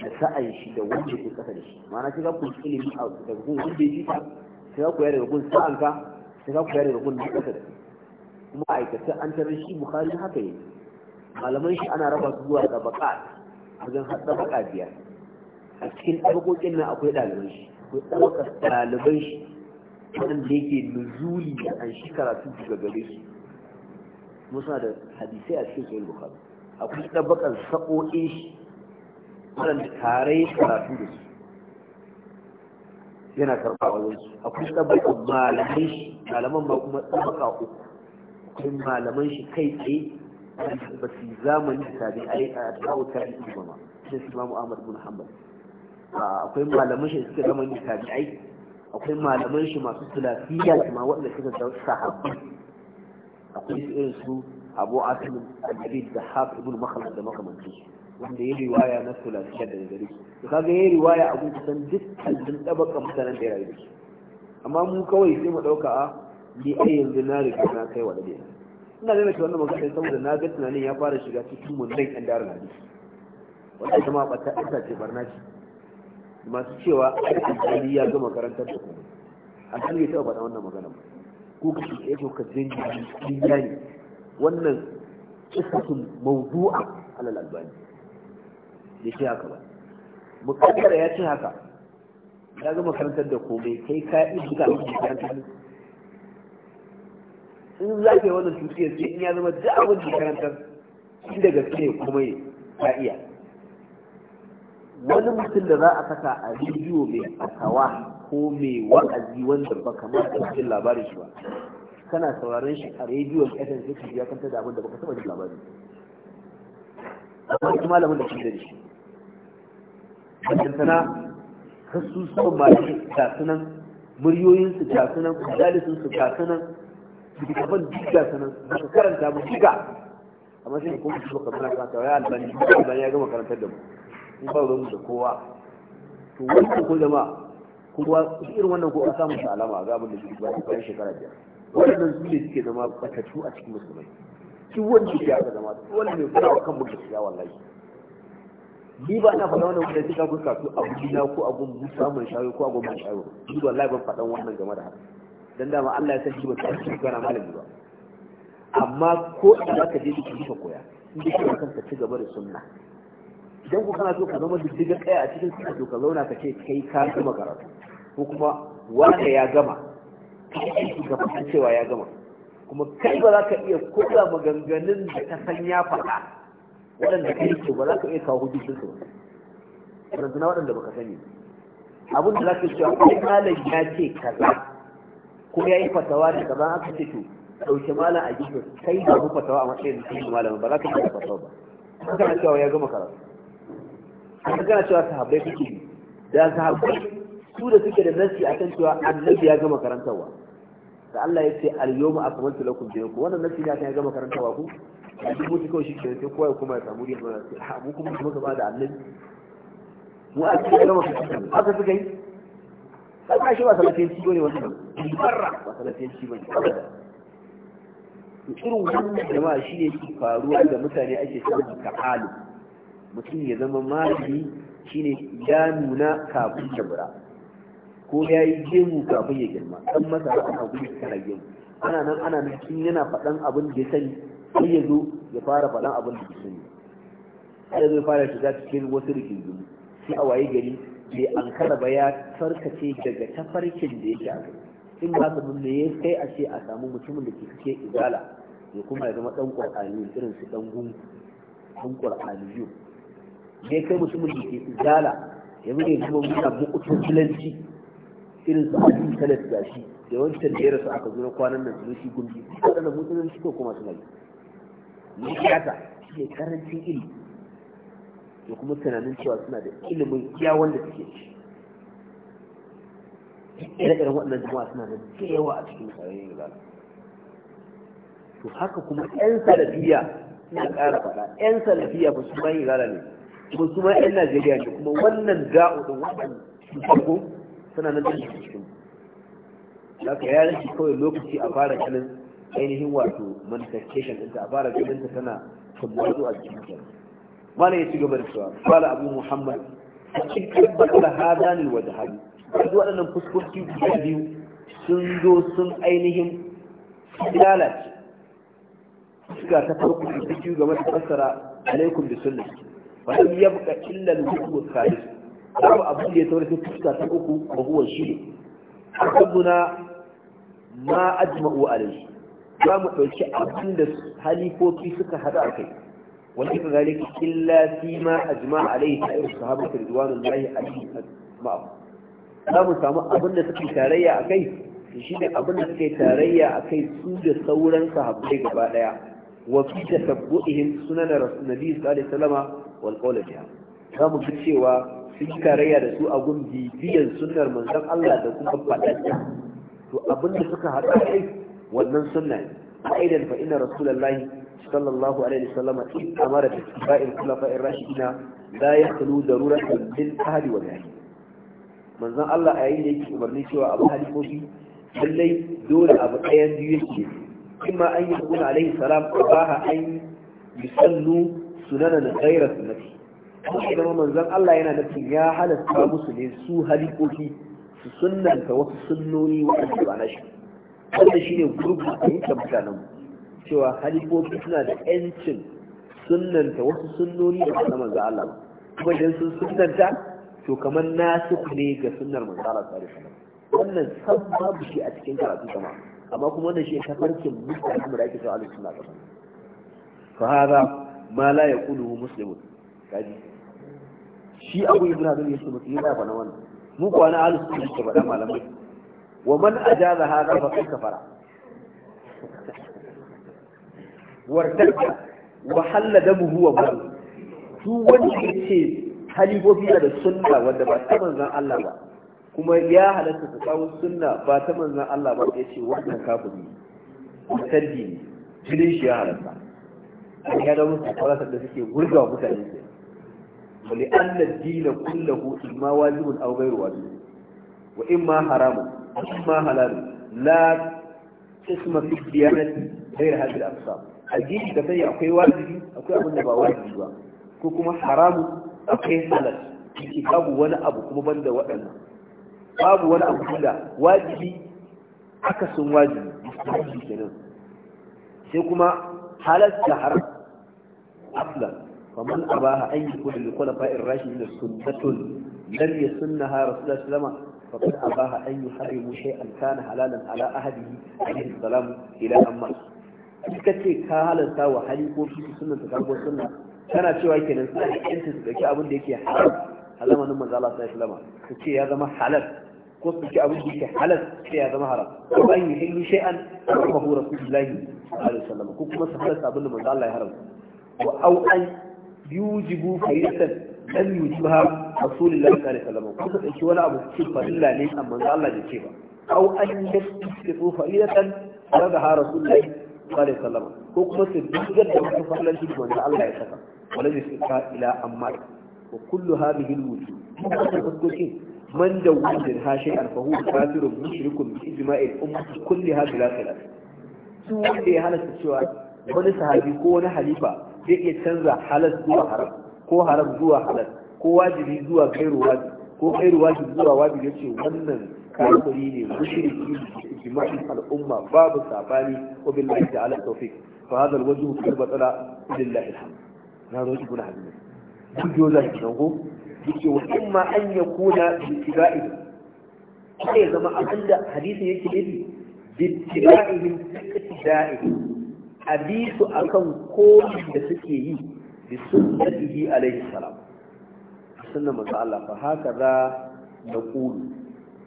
da sa'ayin shi da wanda ke kasa da shi ma'ana sai ka koyi ilimi a daga gun wanda ya jita sai ka yare da gun sa'anka sai ku yare da gun da kasa da kuma aikace an tarar shi bukari haka yi malaman shi ana raba su zuwa da baka wajen haɗa baka biyar a cikin ɗabakokin nan akwai ɗaliban shi akwai ɗabakar ɗaliban shi waɗanda yake nuzuli da an shi karatu daga gare su musa da hadisai a cikin sahih bukari akwai ɗabakar sa'o'in shi waɗanda tare karatu da su yana karɓa a wajen su akwai tabbata malamai shi malaman ba kuma tabbata uku akwai malaman shi kai tsaye ba su zamani da tabi ai a tawo tabi ba ma sai su mamu ahmad bin hanbal akwai malaman shi da suka zamani da tabi ai akwai malaman shi masu sulafiya kuma waɗanda suka zama sahabbai akwai su irin su abu asimin al-habib da haf ibn makhlad da makamancinsu wanda ya riwaya na sulasiya da gari to kaga ya riwaya a gun kusan dukkan sun tabaka mutanen da ya rayu amma mu kawai sai mu dauka a ah, ni ai yanzu na riga na kai wa dade ina da mace wannan magana saboda na ga tunanin ya fara shiga cikin mun nan yan darin hadisi wannan kuma bata ita ce barna ce masu cewa ai ya gama karantar da kuma a kan ya taɓa faɗa wannan magana ba ko ka ce ko eh, ka jinji ne wannan kisatun mawdu'a alal albani ya ce haka ba mukaddar ya ce haka ya zama karantar da komai kai ka yi duka a cikin karantar in za ka yi wannan tutiyar sai in ya zama duk abin da karantar shi daga ne kuma ne ka iya wani mutum da za a saka a rijiyo mai akawa ko mai wa'azi wanda ba kamar da cikin labarin shi ba kana sauraron shi a rediyon fm sai ya kanta da abin da baka taba jin labari amma kuma malamin da shi da shi ballantana kasusuwan masu tasunan muryoyinsu tasunan majalisinsu tasunan littafin duk tasunan ba ka karanta mu a amma sai kuma shi kamar mana kasa ya albani albani ya gama karantar da mu in ba ruwan da kowa to wani ko jama'a kuma irin wannan ko an samu shi alama ga abin da shi ba bayan shekara biyar waɗannan su ne suke zama batatu a cikin musulmai shi wanda ya zama wani ne kuma kan mutum ya wallahi ni ba na faɗa wannan wanda suka fuska to a gudina ko a gun musa mun shayo ko a gun mun shayo ni wallahi ban faɗan wannan game da haka dan dama Allah ya san shi ba ta shi kana malami ba amma ko da zaka je ki ka koya in dai kana kanka ci gaba da sunna idan ku kana so ka zama diddiga kai a cikin sunna to ka zauna ka ce kai ka gama karatu ko kuma wanda ya gama kai ka cewa ya gama kuma kai ba za ka iya koda maganganun da ka san ya faɗa waɗanda ka rike ba za ka iya kawo hujjojin su ba na waɗanda baka sani abin da za ka cewa kai malam ya ce kaza ko ya yi fatawa da kaza aka ce to ɗauke malam a gefe kai ba ku fatawa a matsayin kai malam ba za ka iya fatawa ba na cewa ya gama karatu kana cewa sahabbai kake da sahabbai su da suke da nasi kan cewa annabi ya gama karantarwa da Allah ya ce al-yawma akmaltu lakum dinakum wannan nasi ne kan gama karanta ba ku a duk mutu kawai shi ke sai kowa kuma ya samu riya ba sai ha mu kuma muka ba da annabi mu a cikin gama haka suka yi ka shi ba salafiyanci bane wannan barra ba salafiyanci bane irin wannan jama'a shi ne ke faruwa da mutane ake ka halu mutum ya zama malami shine ya nuna kafin jabra ko ya yi gemu kafin ya girma dan masa ana gudu kana gemu ana nan ana nan kin yana faɗan abin da ya sani sai ya zo ya fara faɗan abin da ya sani sai zai fara shiga cikin wasu rigingimu sai a waye gari bai ankara ba ya farkace daga tafarkin da yake a kai in ba su mun ya kai a ce a samu mutumin da ke kake izala ya kuma ya zama dan qur'ani irin su dan gun dan qur'ani ne kai mutumin da ke izala ya bude kuma muna mu'tazilanci irin su abin talat gashi da wancan da ya rasu aka zo na kwanan nan sun shi gumbi waɗanda mutanen shi kuma suna yi ne kiyata shi ne karancin ilimi da kuma tunanin cewa suna da ilimin iya wanda suke shi ire-iren waɗannan jama'a suna da da yawa a cikin sarayin zala to haka kuma 'yan salafiya na ƙara faɗa 'yan salafiya ba su ma zala ne ba su ma 'yan najeriya ne kuma wannan ga'u ɗin su farko suna nan da cikin da ka ya rage kawai lokaci a fara ganin ainihin wato manifestation ɗinta a fara ganin ta tana tumbazu a cikin ta mana ya ci gaba da cewa fara abu muhammad a cikin bakar hadanin wajen hali duk waɗannan fuskoki guda biyu sun zo sun ainihin lalace suka ta farko da suke game da fassara alaikum bi sunnah wa lam yabqa illa al-hukm al-khalis babu abin da ya saurari sai fuska ta uku wa huwa shi rabbuna ma ajma'u alayhi za mu ɗauki abin da halifofi suka haɗa a kai wani ka gare ki illa fi ma ajma alayhi ta irin sahabatu ridwanullahi ma abu za mu samu abin da suke tarayya a kai shi ne abin da suke tarayya a kai su da sauran sahabbai gaba ɗaya wa fi tatabbu'ihim sunan rasulullahi sallallahu alaihi wasallama wal qawla biha za mu ga cewa sun yi tarayya da su a gun bibiyan sunnar manzon Allah da kuma faɗaɗa to abinda suka haɗa kai wannan sunna ne aidan fa inna rasulullahi sallallahu alaihi wasallam in amara bi ba'il khulafa'ir rashidina la yakhlu daruratan min ahli wa ahli manzon Allah a yayin da yake umarni cewa abu halifofi lallai dole abu ɗayan biyu yake Kuma an yi kuna alaihi salam ba an yi yusallu sunana na ghayra sunnati kuma idan manzon Allah yana da cin ya halatta musu ne su halikoki su sunnanta wasu sunnoni waɗanda ba na shi wanda shi ne gurbin fahimtar mutanen cewa halikoki suna da ƴancin sunnanta wasu sunnoni da na manzon Allah ba kuma idan sun sunnanta to kamar na nasu ne ga sunnar manzon Allah sallallahu alaihi wasallam wannan san babu shi a cikin karatu sama amma kuma wannan shi ta farkin mutane da ake cewa alusunna ba fa hada ma la yaqulu muslimun kaji shi abu ibn hazm yace ba yi ba na wannan mu kuwa na ahlus sunna ke faɗa malamai wa man ajaza hadha fa kai kafara wartaka wa halla damuhu wa bal su wanda yace halibobi da sunna wanda ba ta manzon Allah ba kuma ya halatta su kawo sunna ba ta manzon Allah ba yace wannan kafiri musaddi ne jinin shi ya halatta ya da musu kwalasar da suke gurgawa mutane wali anna dina kullahu imma wajibun aw ghayru wajib wa imma haramun wa imma halalun la qisma fi diyanati ghayr hadhihi al-aqsam addini da sai akwai wajibi akwai abin ba wajibi ba ko kuma haramu akwai halal shi wani abu kuma banda waɗannan babu wani abu da wajibi akasin wajibi mustahabi kenan sai kuma halal da aflan فمن أباها أن يكون للخلفاء الراشدين سنة لم يسنها رسول الله صلى الله عليه وسلم فقد أباها أن يحرموا شيئا كان حلالا على أهله عليه السلام إلى أمه suka ce ka halarta wa hali ko fi sunan ta karbo sunna tana cewa kenan suna da yanci su dauki abin da yake halal halamanin manzo Allah sallallahu alaihi wasallam su ce ya zama halal ko su abin da yake halal sai ya zama haram ko an yi hillu shay'an ko hu rasulullahi sallallahu alaihi wasallam ko kuma su halarta abin da manzo Allah ya haram wa au an yujibu fa'idatan dan yujiba rasulullahi sallallahu alaihi wasallam ko ka dauki wani abu cikin farilla ne amma Allah bai ce ba aw an yasbiqu fa'idatan daga rasulullahi sallallahu alaihi wasallam ko kuma su dingar da wata farilla shi wanda Allah ya saka wala yasbiqa ila amma wa kullu hadhihi alwujub kuma fuskoki man da wujin hashi alfahu kafirun mushrikun bi ijma'il ummati kulliha bila su wanda ya halasta cewa wani sahabi ko wani halifa zai iya canza halal zuwa haram ko haram zuwa halal ko wajibi zuwa gairu wajibi ko gairu wajibi zuwa wajibi yace wannan kafiri ne mushriki ijma'in al'umma babu sabani wa billahi ta'ala tawfiq fa hadha alwajhu qad batala lillahi alhamd na roji guna hadin duk yo zai kidan ko yace wa imma an yakuna bittiba'i sai zama abinda hadisin yake nufi bittiba'ihim sai ka tida'i a bi su a kan koyi da suke yi da sunnatihi alaihi salam sunna manzo Allah fa haka za na kulu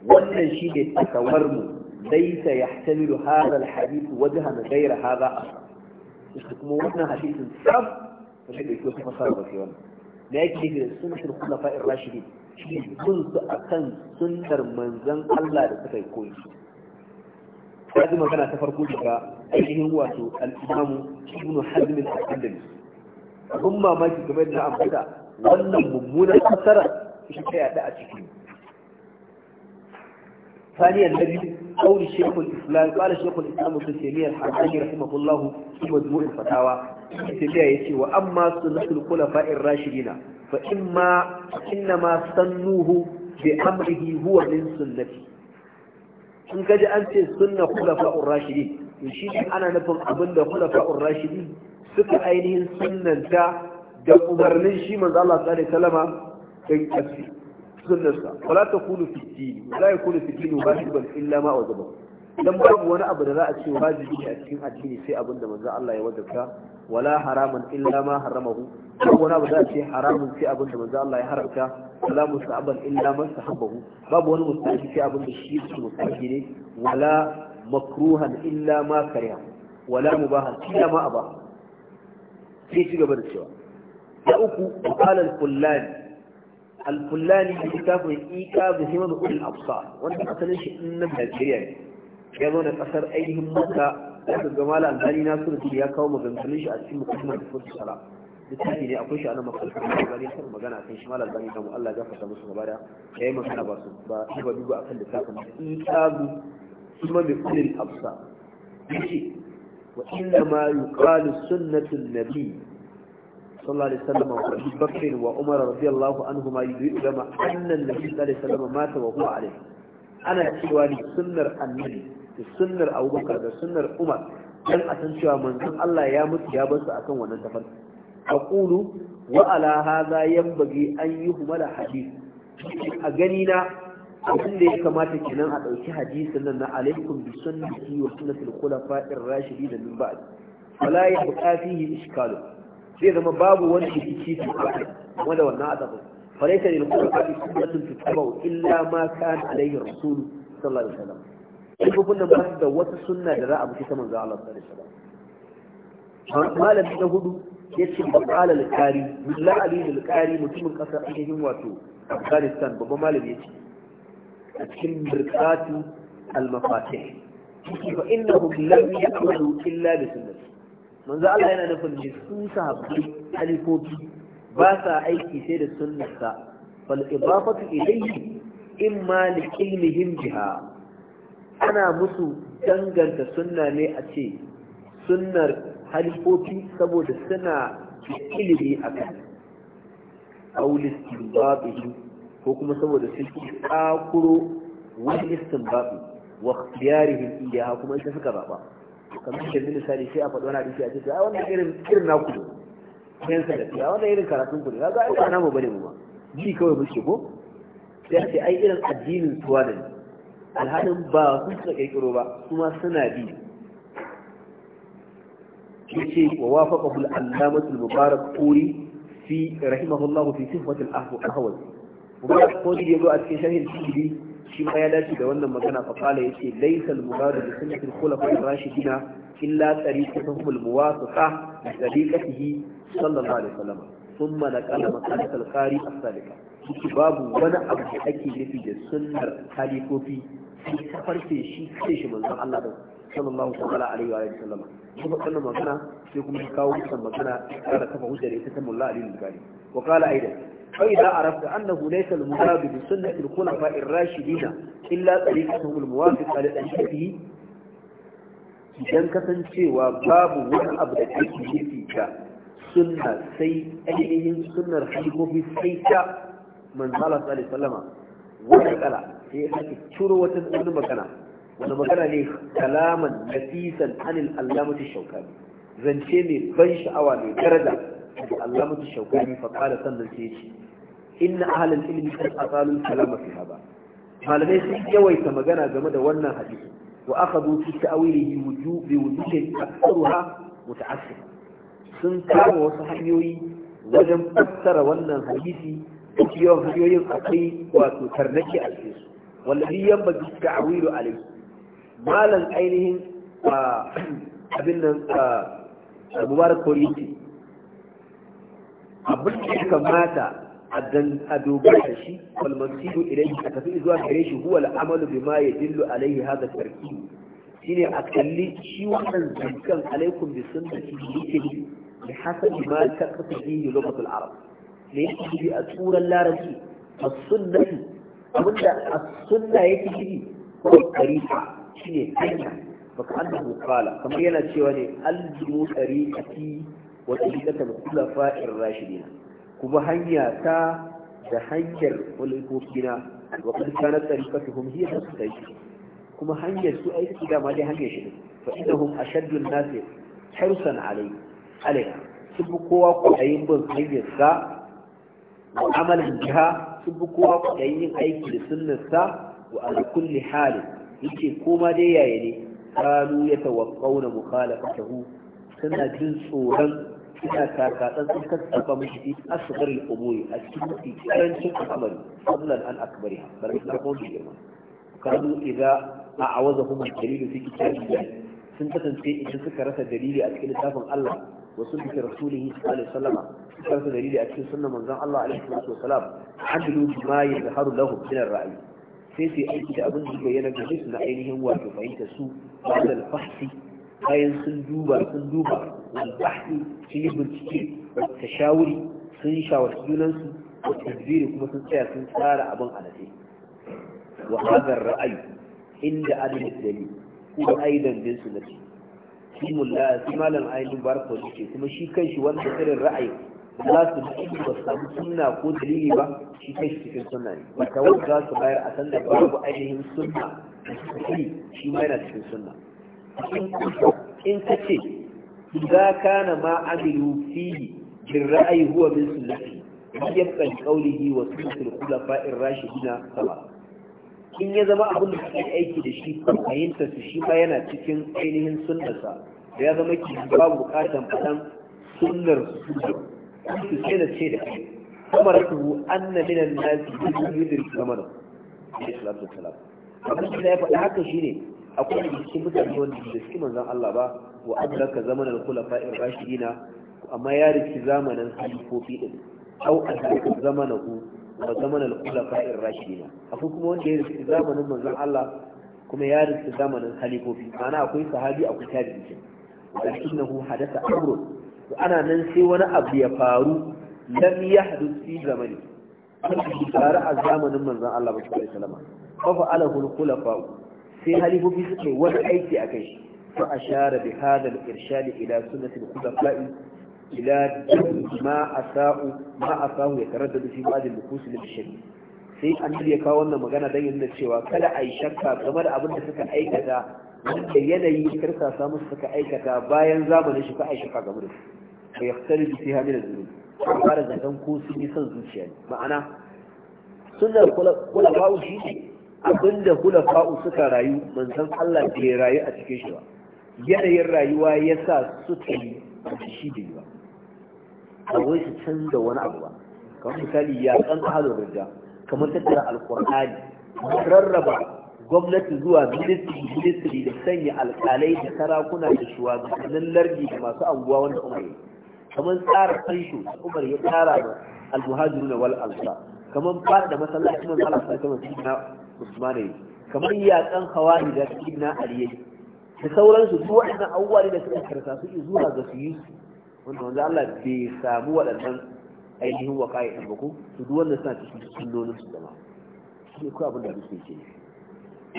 wannan shi ne takawar mu laisa yahtamilu wajen hana gaira ghayra hadha asla kuma wannan hadisin sab ba shi da yake wata fasara ba sai wannan da yake da sunnatul fa'in rashidi shi sun su akan sunnar manzan Allah da suka yi koyi ta ji magana ta farko daga ainihin wato al'imamu ibn hazm al-andalus abun mamaki game da ambata wannan mummunan fasara shi ta yada a cikin ثانيا الذي قول الشيخ الإسلام قال الشيخ الإسلام ابن تيمية الحراني رحمه الله في مجموع الفتاوى ابن تيمية يتي وأما سنة الخلفاء الراشدين فإما إنما سنوه بأمره هو من سنته in kaji an ce sunna khulafa'ur Rashidi, to shi ne ana nufin abin da khulafa'ur Rashidi suka ainihin sunanta da umarnin shi manzo Allah sallallahu alaihi wasallama kan kasi sunnarsa wala takunu fi dini wala yakunu fi dini wajiban illa ma wajaba dan babu wani abu da za a ce wajibi a cikin addini sai abin da manzo Allah ya wajabta wala haraman illa ma haramahu ko wani abu da ce haramun sai abin da manzo Allah ya haramta wala musta'aban illa man sahabbahu babu wani mustahabi sai abin da shi su mustahabi ne wala makruhan illa ma kariha wala mubahan illa ma aba sai ci gaba da cewa Ya uku qala al-kullani al-kullani bi kitabin iqa bi himan ul absar wanda asalin shi inna Najeriya ne ya zo da kasar ainihin Makka ya ga malam albani na suna ya kawo maganganun shi a cikin mukaddimar da furta sala littafi ne akwai shi a nan makarantar da albani kan magana kan shi malam albani kan Allah ya fata musu gaba da ya yi magana ba su ba shi ba duba akan littafin ikabu kuma bi kullil absa yace wa inna ma yuqalu sunnatul nabi صلى الله عليه وسلم وابي بكر وعمر رضي الله عنهما يدرك ان النبي صلى الله عليه وسلم مات وهو عليه انا اتوالي سنر النبي da sunnar abubakar da sunnar umar dan a san cewa manzon Allah ya mutu ya bar su akan wannan tafar aqulu wa ala hadha yanbaghi an yuhmala hadith a gani na abin da ya kamata kenan a ɗauki hadisin nan na alaikum bi sunnati wa sunnati al-khulafa'ir rashidin min ba'd wala yabqa fihi ishkalu Sai zama babu wani rikici ta akai wanda wannan azabu falaita lil khulafa'i sunnatun tutba'u illa ma kana alaihi rasul sallallahu alaihi wasallam kofofin nan ba da wata sunna da za a buki ta manzo Allah sallallahu alaihi wasallam malami na hudu yace qala al-qari billah ali al-qari mutumin kasar ainihin wato Afghanistan babban malami yace a cikin birkatu al-mafatih fa innahum lam ya'malu illa bi sunnati manzo Allah yana nufin ne su sahabbai alifofi ba sa aiki sai da sunnarsa fal idafatu ilayhi imma li ilmihim biha ana musu danganta sunna ne a ce sunnar halifofi saboda suna ilimi a kan aulis istinbabi ko kuma saboda suke ki wani istin babu wa khiyarihim iyaha kuma ita suka zaba kamar da misali sai a faɗi wani hadisi a cikin ai wannan irin irin kudu ne kayan salafi a wannan irin karatun kudu ya ga ai ba namu bane mu ba ji kawai muke ko sai a ce ai irin addinin tuwa da ne alhadin ba su suka kirkiro ba kuma suna bi ce wa wafaqahu al-allamah al-mubarak quri fi rahimahullah fi sifat al-ahwal mubarak quri yazo a cikin shahin sirri shi ma ya dace da wannan magana fa kala yace laysa al-murad bi sunnati al-khulafa ar-rashidin illa tariqatuhum al-muwafiqa bi tariqatihi sallallahu alaihi wasallam ثم نقل مقالة القاري السابقة babu wani abu da ake nufi da sunnar halifofi sai ta farfe shi kai shi manzon Allah da sallallahu alaihi wa sallama kuma kallon magana sai kuma kawo kusan magana kara kafa hujjar ita ta mulla aliyu gani wa qala aidan fa idza arafta annahu laysa al-murad bi sunnati al-khulafa ar-rashidin illa tariqatuhum al-muwafiqa li al-shafi'i idan kasancewa babu wani abu da ke nufi ta sunna sai ainihin sunnar halifofi sai ta manzala sallallahu alaihi wasallama wani kala sai ya sake turo wata wani magana wani magana ne kalaman nafisan anil allamati shaukani zance mai ban sha'awa mai daraja da allamati shaukani fa qala sannan sai ya ce inna ahlal ilmi qad asalu kalama fi hada malamai sun yawaita magana game da wannan hadisi wa akhadhu fi ta'wilihi wujuh bi wujuhin aktharuha muta'assif sun kama wasu hanyoyi wajen fassara wannan hadisi yawan hanyoyin akwai wato tarnaki a cikin wallabi yanbaghi ta'wilu alayhi Malam ainihin abin nan mubarak koriyi abin da ya kamata a dogara da idan a tafi zuwa gare shi huwa Amalu bi ma ya dillu alaihi hada tarki shine a kalli shi wannan zankan alaikum bi sunnati yake bi hasabi ma ta kafa bihi lokacin arab ne yake bi a tsuran larabci as-sunnati abinda a sunna yake shi ko tariqa shine hanya fa annahu qala kamar yana cewa ne aljimu tariqati wa tariqata al-khulafa'ir rashidin kuma hanya ta da hanyar ulufofina wa qad kanat tariqatuhum hiya tasdaqi kuma hanyar su aiki da ma dai hanyar shi fa idahum ashaddu an-nas hirsan alayhi alayha sun kowa ko ayin bin hanyar sa wa jiha biha sun kowa da yin aiki da sunnarsa wa ala kulli halin yake koma dai yaya ne kanu ya tawaqqauna mukhalafatahu suna jin tsoron suna takatsan sun kasaba mishi fi asgharil umuri a cikin mafi karancin al'amari fadlan an akbariha bar na kuma girma kanu idza a'awazahum al-dalil fi kitabillah sun kasance idan suka rasa dalili a cikin littafin Allah wa sunnati rasulihi sallallahu alaihi wasallam suka rasa dalili a cikin sunnar manzon Allah alaihi wasallam hadilu bima yadharu lahum min ar-ra'i sai su aiki da abin da bayyana ga su na ainihin wato fahimta su ba fahsi bayan sun duba sun duba wal bahthi shi bincike da tashawuri sun shawarci junansu da tadbiri kuma sun tsaya sun tsara abin alaƙe wa hadar ra'ayi inda adalin dalil ko aidan bin sunnati shi mulla shi malam ainihin barko yake kuma shi kan shi wanda irin ra'ayi za su bi ba su samu sunna ko dalili ba shi kan shi cikin sunna ne ba ta wanda za su bayar a sanda babu ainihin sunna shi shi ma yana cikin sunna in ka ce za ka na ma amilu fihi bin ra'ayi huwa min sunnati yabqa qawlihi wa sunnatul khulafa'ir rashidina sallallahu in ya zama abin da suke aiki da shi fahimta su shi ma yana cikin ainihin sunnarsa da ya zama ki babu bukatan faɗan sunnar su su sai na ce da kai kamar su anna minan nasi yudir kamar Islam da salam abin da ya faɗi haka shine akwai da cikin mutane wanda da suke manzon Allah ba wa adraka zamanan khulafa'ir rashidina amma ya riki zamanin halifofi din au adraka zamanahu wa zaman al-khulafa'ir rashidin akwai kuma wanda ya rubuta zamanin manzon Allah kuma ya rubuta zamanin khalifofi ana akwai sahabi akwai tabi'i walakinahu hadatha amru to ana nan sai wani abu ya faru lam yahdith fi zamani sai faru a zamanin manzon Allah ba sallallahu alaihi wasallam fa fa'alahu al-khulafa'u sai halifofi suka yi wani aiki akai fa ashara bi hadha al-irshad ila sunnati al-khulafa'i ila ma asa'u ma asa'u ya karanta da shi da lukusi sai annabi ya kawo wannan magana don yana cewa kada a yi shakka game da abin da suka aikata wanda yanayi karka samu suka aikata bayan zamanin shi ka a shakka game da su fa yaktari fi hadhihi al-dhunub fara zaton ko sun yi son zuciya ne ma'ana kula fa'u shi ne kula kulafa'u suka rayu manzon Allah bai rayu a cikin shi ba yanayin rayuwa ya sa suka yi shi da ba ba su canza wani abu ba kamar misali ya kan ahalar rija kamar tattara alkur'ani rarraba gwamnati zuwa ministry da sanya alkalai da sarakuna da shugabannin lardi da masu anguwa wanda umar yi kamar tsara fansho da umar ya tsara da almuhajiruna wal ansa kamar fara da masallaci man ala sa kamar sidina usman yi kamar yakan hawari da sidina ali da sauransu su waɗannan abubuwa da suka karsa su zuwa ga su yi su wanda wanzu Allah bai samu waɗannan ainihin waƙa'i ɗin ba ko to duk wanda suna cikin sunnolin su zama shi ne ko abin da muke ke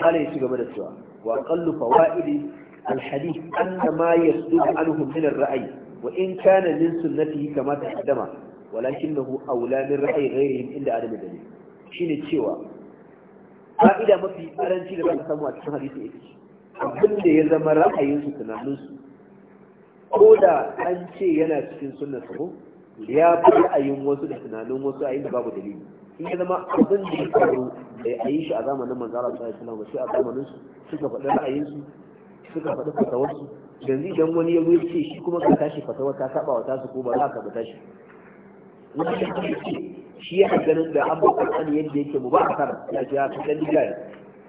kala ya ci gaba da cewa wa aqallu fawaidi alhadith anna ma yasduq anhum min ar-ra'yi wa in kana min sunnatihi kama taqaddama walakinahu awla min ra'yi ghayrihim inda adam dalil shine cewa fa'ida mafi karanci da zan samu a cikin hadisi ita ce abin da ya zama ra'ayinsu tunaninsu ko da an ce yana cikin sunan sabo ya fi ra'ayin wasu da tunanin wasu a da babu dalili in ya zama abin da ya faru da ya yi shi a zamanin manzara sallallahu alaihi wasallam sai a zamanin su suka faɗi ra'ayin su suka faɗi fatawar su yanzu idan wani ya zo ce shi kuma ka tashi fatawar ta saba wa tasu ko ba za ka ba tashi wani da kuma ce shi ya ganin da abubuwan ba yadda yake mu ba a kara ya ce ya fi ɗan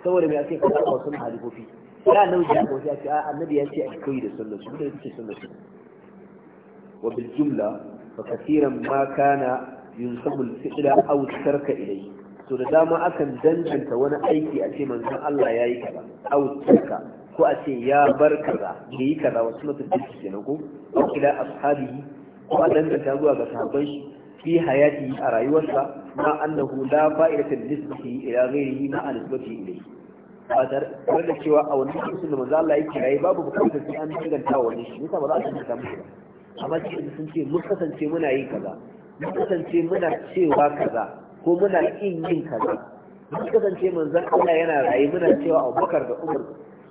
saboda mai ake kasa wasu halifofi ya annabi ya ko ya ce a annabi ya ce a koyi da sunna su da yake sunna su wa bil jumla fa kaseeran ma kana yunsabu al fi'la aw tarka ilayhi to da dama akan danganta wani aiki a ce manzon Allah ya yi kaza aw tarka ko a ce ya bar kaza bai yi kaza wasu a danganta zuwa ga sahabban shi fi hayati a rayuwarsa ma annahu la fa'idatan nisbati ila ghairihi ma ba da cewa a wani cikin da manzo Allah ya rayi babu bukatar sai an danganta wa wani shi yasa ba za a danganta musu ba amma cikin sun ce mun kasance muna yin kaza mun kasance muna cewa kaza ko muna kin yin kaza mun kasance manzon Allah yana raye muna cewa Abubakar da Umar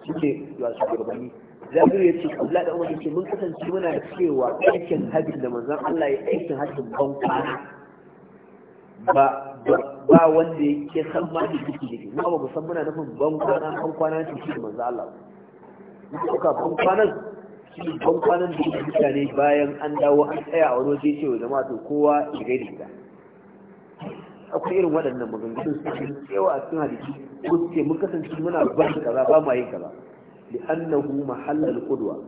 suke yawa shugabanni Jabiru ya ce Abdullahi da Umar ya ce mun kasance muna cewa aikin hajji da manzon Allah ya aikin hajji ban kwana ba ba wanda ya san ma da ciki da ke ma ba san muna nufin ban kwana ban kwana shi da manzo Allah ko ka ban kwana shi ban kwana da ke mutane bayan an dawo an tsaya a wani waje cewa jama'a to kowa ya gaida gida akwai irin waɗannan maganganun su cewa a cikin hadisi ko su ce mun kasance muna ban kaza ba ma yin kaza annahu mahallal qudwa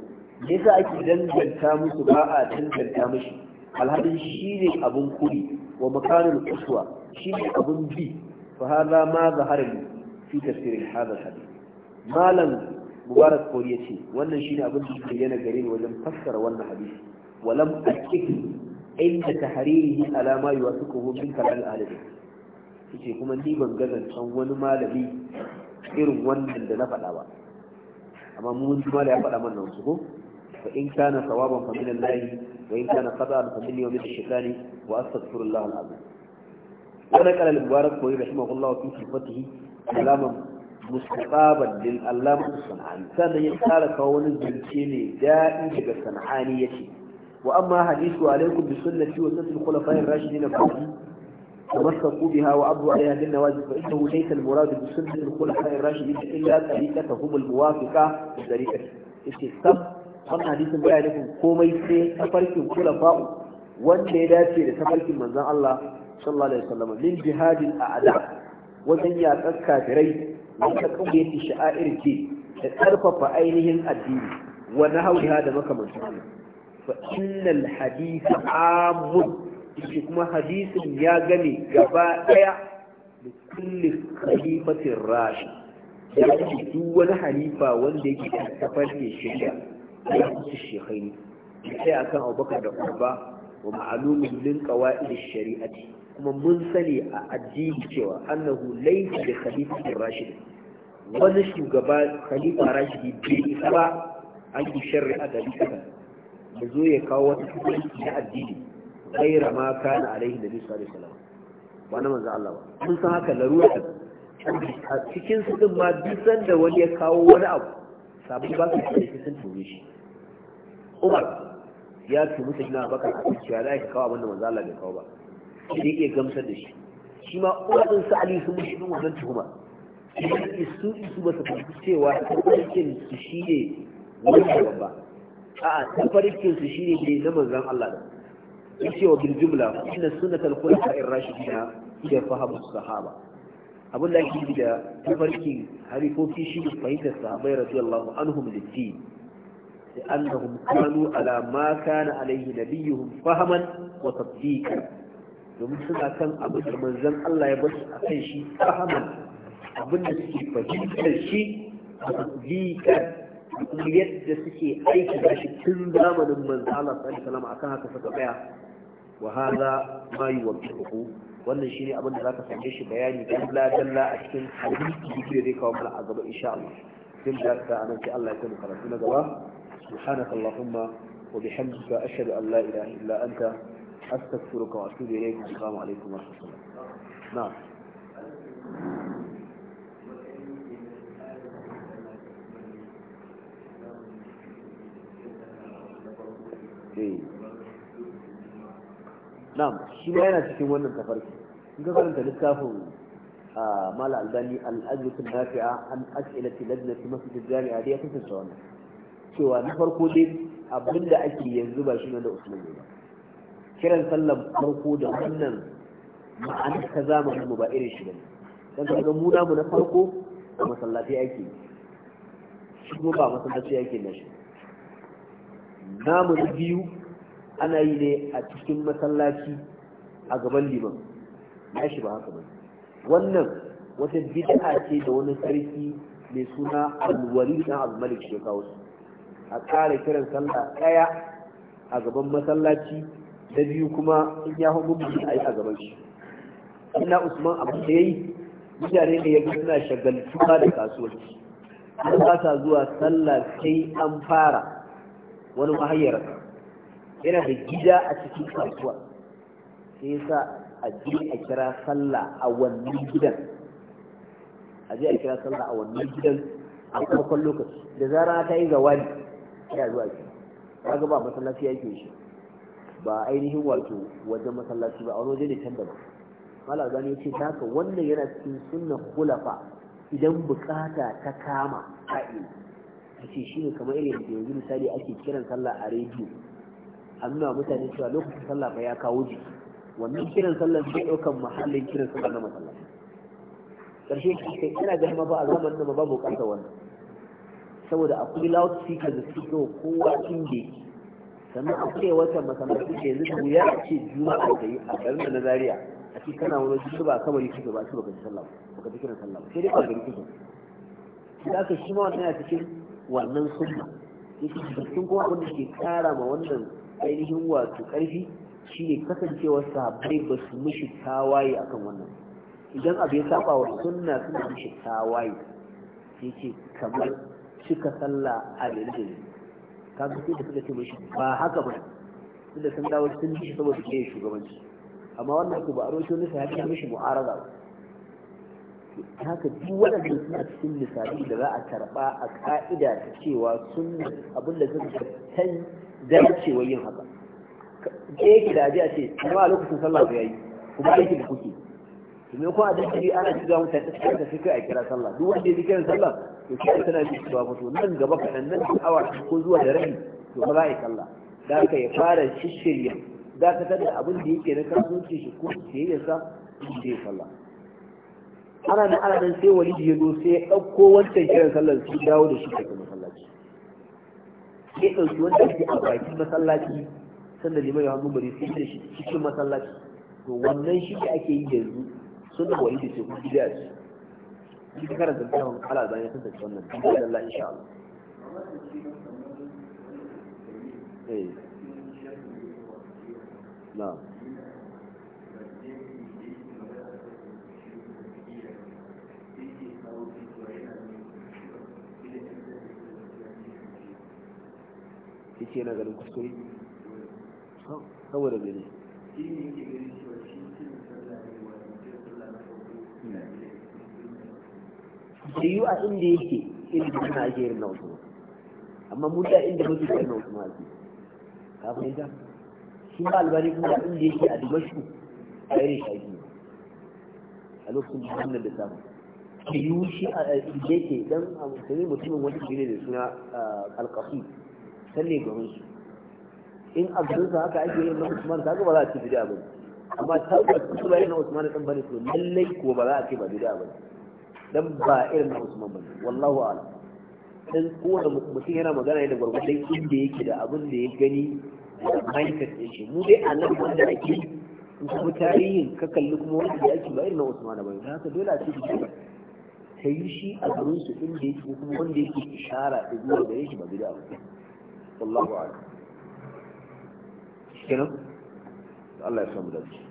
yasa ake danganta musu ba a danganta mishi alhadin shi ne abun kuri wa makanul uswa shine abun bi fa hada ma zahara li fi tafsirin hadha hadith malam mubarak kori ce wannan shine abin da yake yana gare ni wajen fassara wannan hadisi walam akik inda tahririhi ala ma yuwafikuhu min kalam al ce kuma ni ban ga zancen wani malami irin wannan da na faɗa ba amma mun ji malami ya faɗa mana wasu ko فإن كان صوابا فمن الله وإن كان خطأ فمني ومن الشيطان وأستغفر الله العظيم ونقل المبارك وهي رحمه الله في صفته كلاما مستقابا للألام الصنعاني كان يقال كون الزنسين دائم بالصنعانية وأما حديث عليكم بسنة وسنة الخلفاء الراشدين فهذه تمسكوا بها وعضوا عليها بالنواجذ فإنه ليس المراد بسنة الخلفاء الراشدين إلا طريقتهم الموافقة لطريقته استثبت wannan hadisin baya nufin komai sai tafarkin kulafa'u wanda ya dace da tafarkin manzon Allah sallallahu alaihi wasallam min jihadil a'da wajen tsaka kafirai wanda kawai yake sha'air ke da ƙarfafa ainihin addini wa nahawha da makamantu fa innal hadith amun shi kuma hadisin ya gane gaba daya da kulli khalifatin rashi ya ce duk wani halifa wanda yake tafarkin shari'a الشيخين sai akan abubakar da kurba wa ma'alumin min qawaid shari'ati kuma mun sani a addini cewa annahu laysa bi khalifatir rashid wani shugaba khalifa rashidi bai isa ba an yi shari'a da bisa da zo ya kawo wata kusurci na addini ghaira ma kana alaihi nabi sallallahu alaihi wasallam ba na manzo Allah ba mun san haka larura cikin su din ma duk da wani ya kawo wani abu sabu ba su da sun tume shi umar ya tumi shi gina bakar a cikin cewa za ka kawo abinda manzo Allah bai kawo ba shi ne iya gamsar da shi shi ma umar din sa ali sun mushi din wannan tuhuma su su ba su fahimci cewa farkin su shi ne wanda babba a'a farkin su shi ne na manzon Allah da yace cewa bil jumla inna sunnatal khulafa ar-rashidina hiya fahamu sahaba abin da ake da tafarkin harifofi shi ne fahimtar sahabai radiyallahu anhum litti da annahum kanu ala ma kana alaihi nabiyuhum fahaman wa tasdiqan domin suna kan abin da manzon Allah ya bar a kan shi fahaman abin da suke fahimtar shi a tasdiqan kuma yadda suke aiki da shi tun zamanin manzo Allah sallallahu alaihi wasallam akan haka suka tsaya wa hadha ma yuwaffiquhu wannan shine abin da zaka same shi bayani dalla dalla a cikin hadisi da yake kawo mana a gaba insha Allah sai da dakata anan sai Allah ya kai karatu na gaba subhanaka allahumma wa bihamdika ashhadu an la ilaha illa anta astaghfiruka wa atubu ilayk assalamu alaykum wa rahmatullah na'am Thank you. na'am shi ma yana cikin wannan tafarki in ka karanta littafin mala albani al'ajisun nafi'a an as'ilati masu masjid jami'a dai ya kasance wannan cewa na farko dai abinda ake yanzu ba shi ne da usman ne ba kiran sallan farko da wannan ma'anar ta zamanin mu ba irin shi bane dan kaga mu namu na farko a masallaci ake shi ba masallaci ake na shi namu na biyu ana yi ne a cikin masallaci a gaban liman ya shi ba haka ba wannan wata bid'a ce da wani sarki mai suna alwali na al-malik shi kawo su a ƙara kiran sallah ɗaya a gaban masallaci da biyu kuma in ya hau mutum a yi a gaban shi ina usman abu da ya yi mutane ne ya ga suna shagaltuwa da kasuwanci an ba zuwa sallah sai an fara wani mahayyar yana da gida a cikin kasuwa sai yasa a je a kira sallah a wannan gidan a je a kira sallah a wannan gidan a farkon lokaci da zara ta yi zawali ya zuwa shi ki kaga ba masallaci yake shi ba ainihin wato wajen masallaci ba a wani waje ne can ba malam gani ce ta haka wannan yana cikin sunnan khulafa idan bukata ta kama ka'ina shi ne kamar irin da yanzu misali ake kiran sallah a rediyo a mutane cewa lokacin sallah ba ya kawo jiki wannan kiran sallah zai ɗaukan mahallin kiran sallah na masallaci ƙarshe kai ina ganin ba a zamanin nan ba buƙatar wannan saboda akwai loudspeaker da suke ga kowa inda sannan akwai wata masallaci da yanzu da wuya a ce juma'a da yi a garin da na a ce kana wani jisu ba kamar kike ba su baka ji sallah ba baka ji kiran sallah ba sai dai ka gari kike shi da aka shi ma wannan yana cikin wannan sunna yake cikin kuma wanda ke kara ma wannan ainihin wato ƙarfi shi ne kasancewar sahabbai ba su mishi tawaye akan wannan idan abu ya saba wa sunna suna mishi tawaye sai ce kamar cika sallah a lalzali kaga sai da suka ce mishi ba haka ba da sun dawo sun mishi saboda ke shugabanci amma wannan ku ba a roshin wani ya kira mishi mu'arada ba haka duk waɗanda suna cikin misali da za a karɓa a ka'ida ta cewa sun abin da suka can wa yin haka ke yake da aji a ce kuma a lokacin sallah ya yi kuma yake da kuke me kuma a dace ana shiga mutane da cikin da suka a kira sallah duk wanda ya kira sallah to shi tana ji cewa to nan gaba kaɗan nan da awa ko zuwa da rabi to ba za a yi sallah da ka ya fara shishirya za ka tada abin da yake na kasuwanci shi ko siyayyarsa shi ya sallah ana nan ana nan sai wani ya zo sai ya ɗauko wancan kiran sallah su dawo da shi kuma sallah. ya ɗauki wanda ake a bakin masallaci sanda liman ya hannu bari sai da shi cikin masallaci to wannan shi da ake yi yanzu sun da wani da ce kuma gida su shi ka karanta tsarin ala bayan sun tafi wannan tun da Allah insha Allah ce na ganin kuskure saboda gani da yi a inda yake inda suna ake yin na wasu amma mun da inda muke yin na wasu ma ake ka fahimta shi ba albari kuma da inda yake a dimashku a shi shafi a lokacin da hannun da samu da yi shi a inda yake don a musulmi mutumin wani gine da suna ah, alkafi Talle ne su in a garin haka ake yin na usman ta ga ba za a ci bid'a ba amma ga su ba na usman din bane to lallai ko ba za a ce ba bid'a ba dan ba irin na usman ba wallahu ala dan kowane mutum yana magana ne da gwargwadon inda yake da abin da ya gani da mindset ɗin shi mu dai anan wanda ake in kuma tarihin ka kalli kuma wanda da ake ba irin na usman ba ne haka dole a ce bid'a ta yi shi a garin su inda yake kuma wanda yake ishara da zuwa gare shi ba bid'a ba wallahu a'lam kenan Allah ya samu dace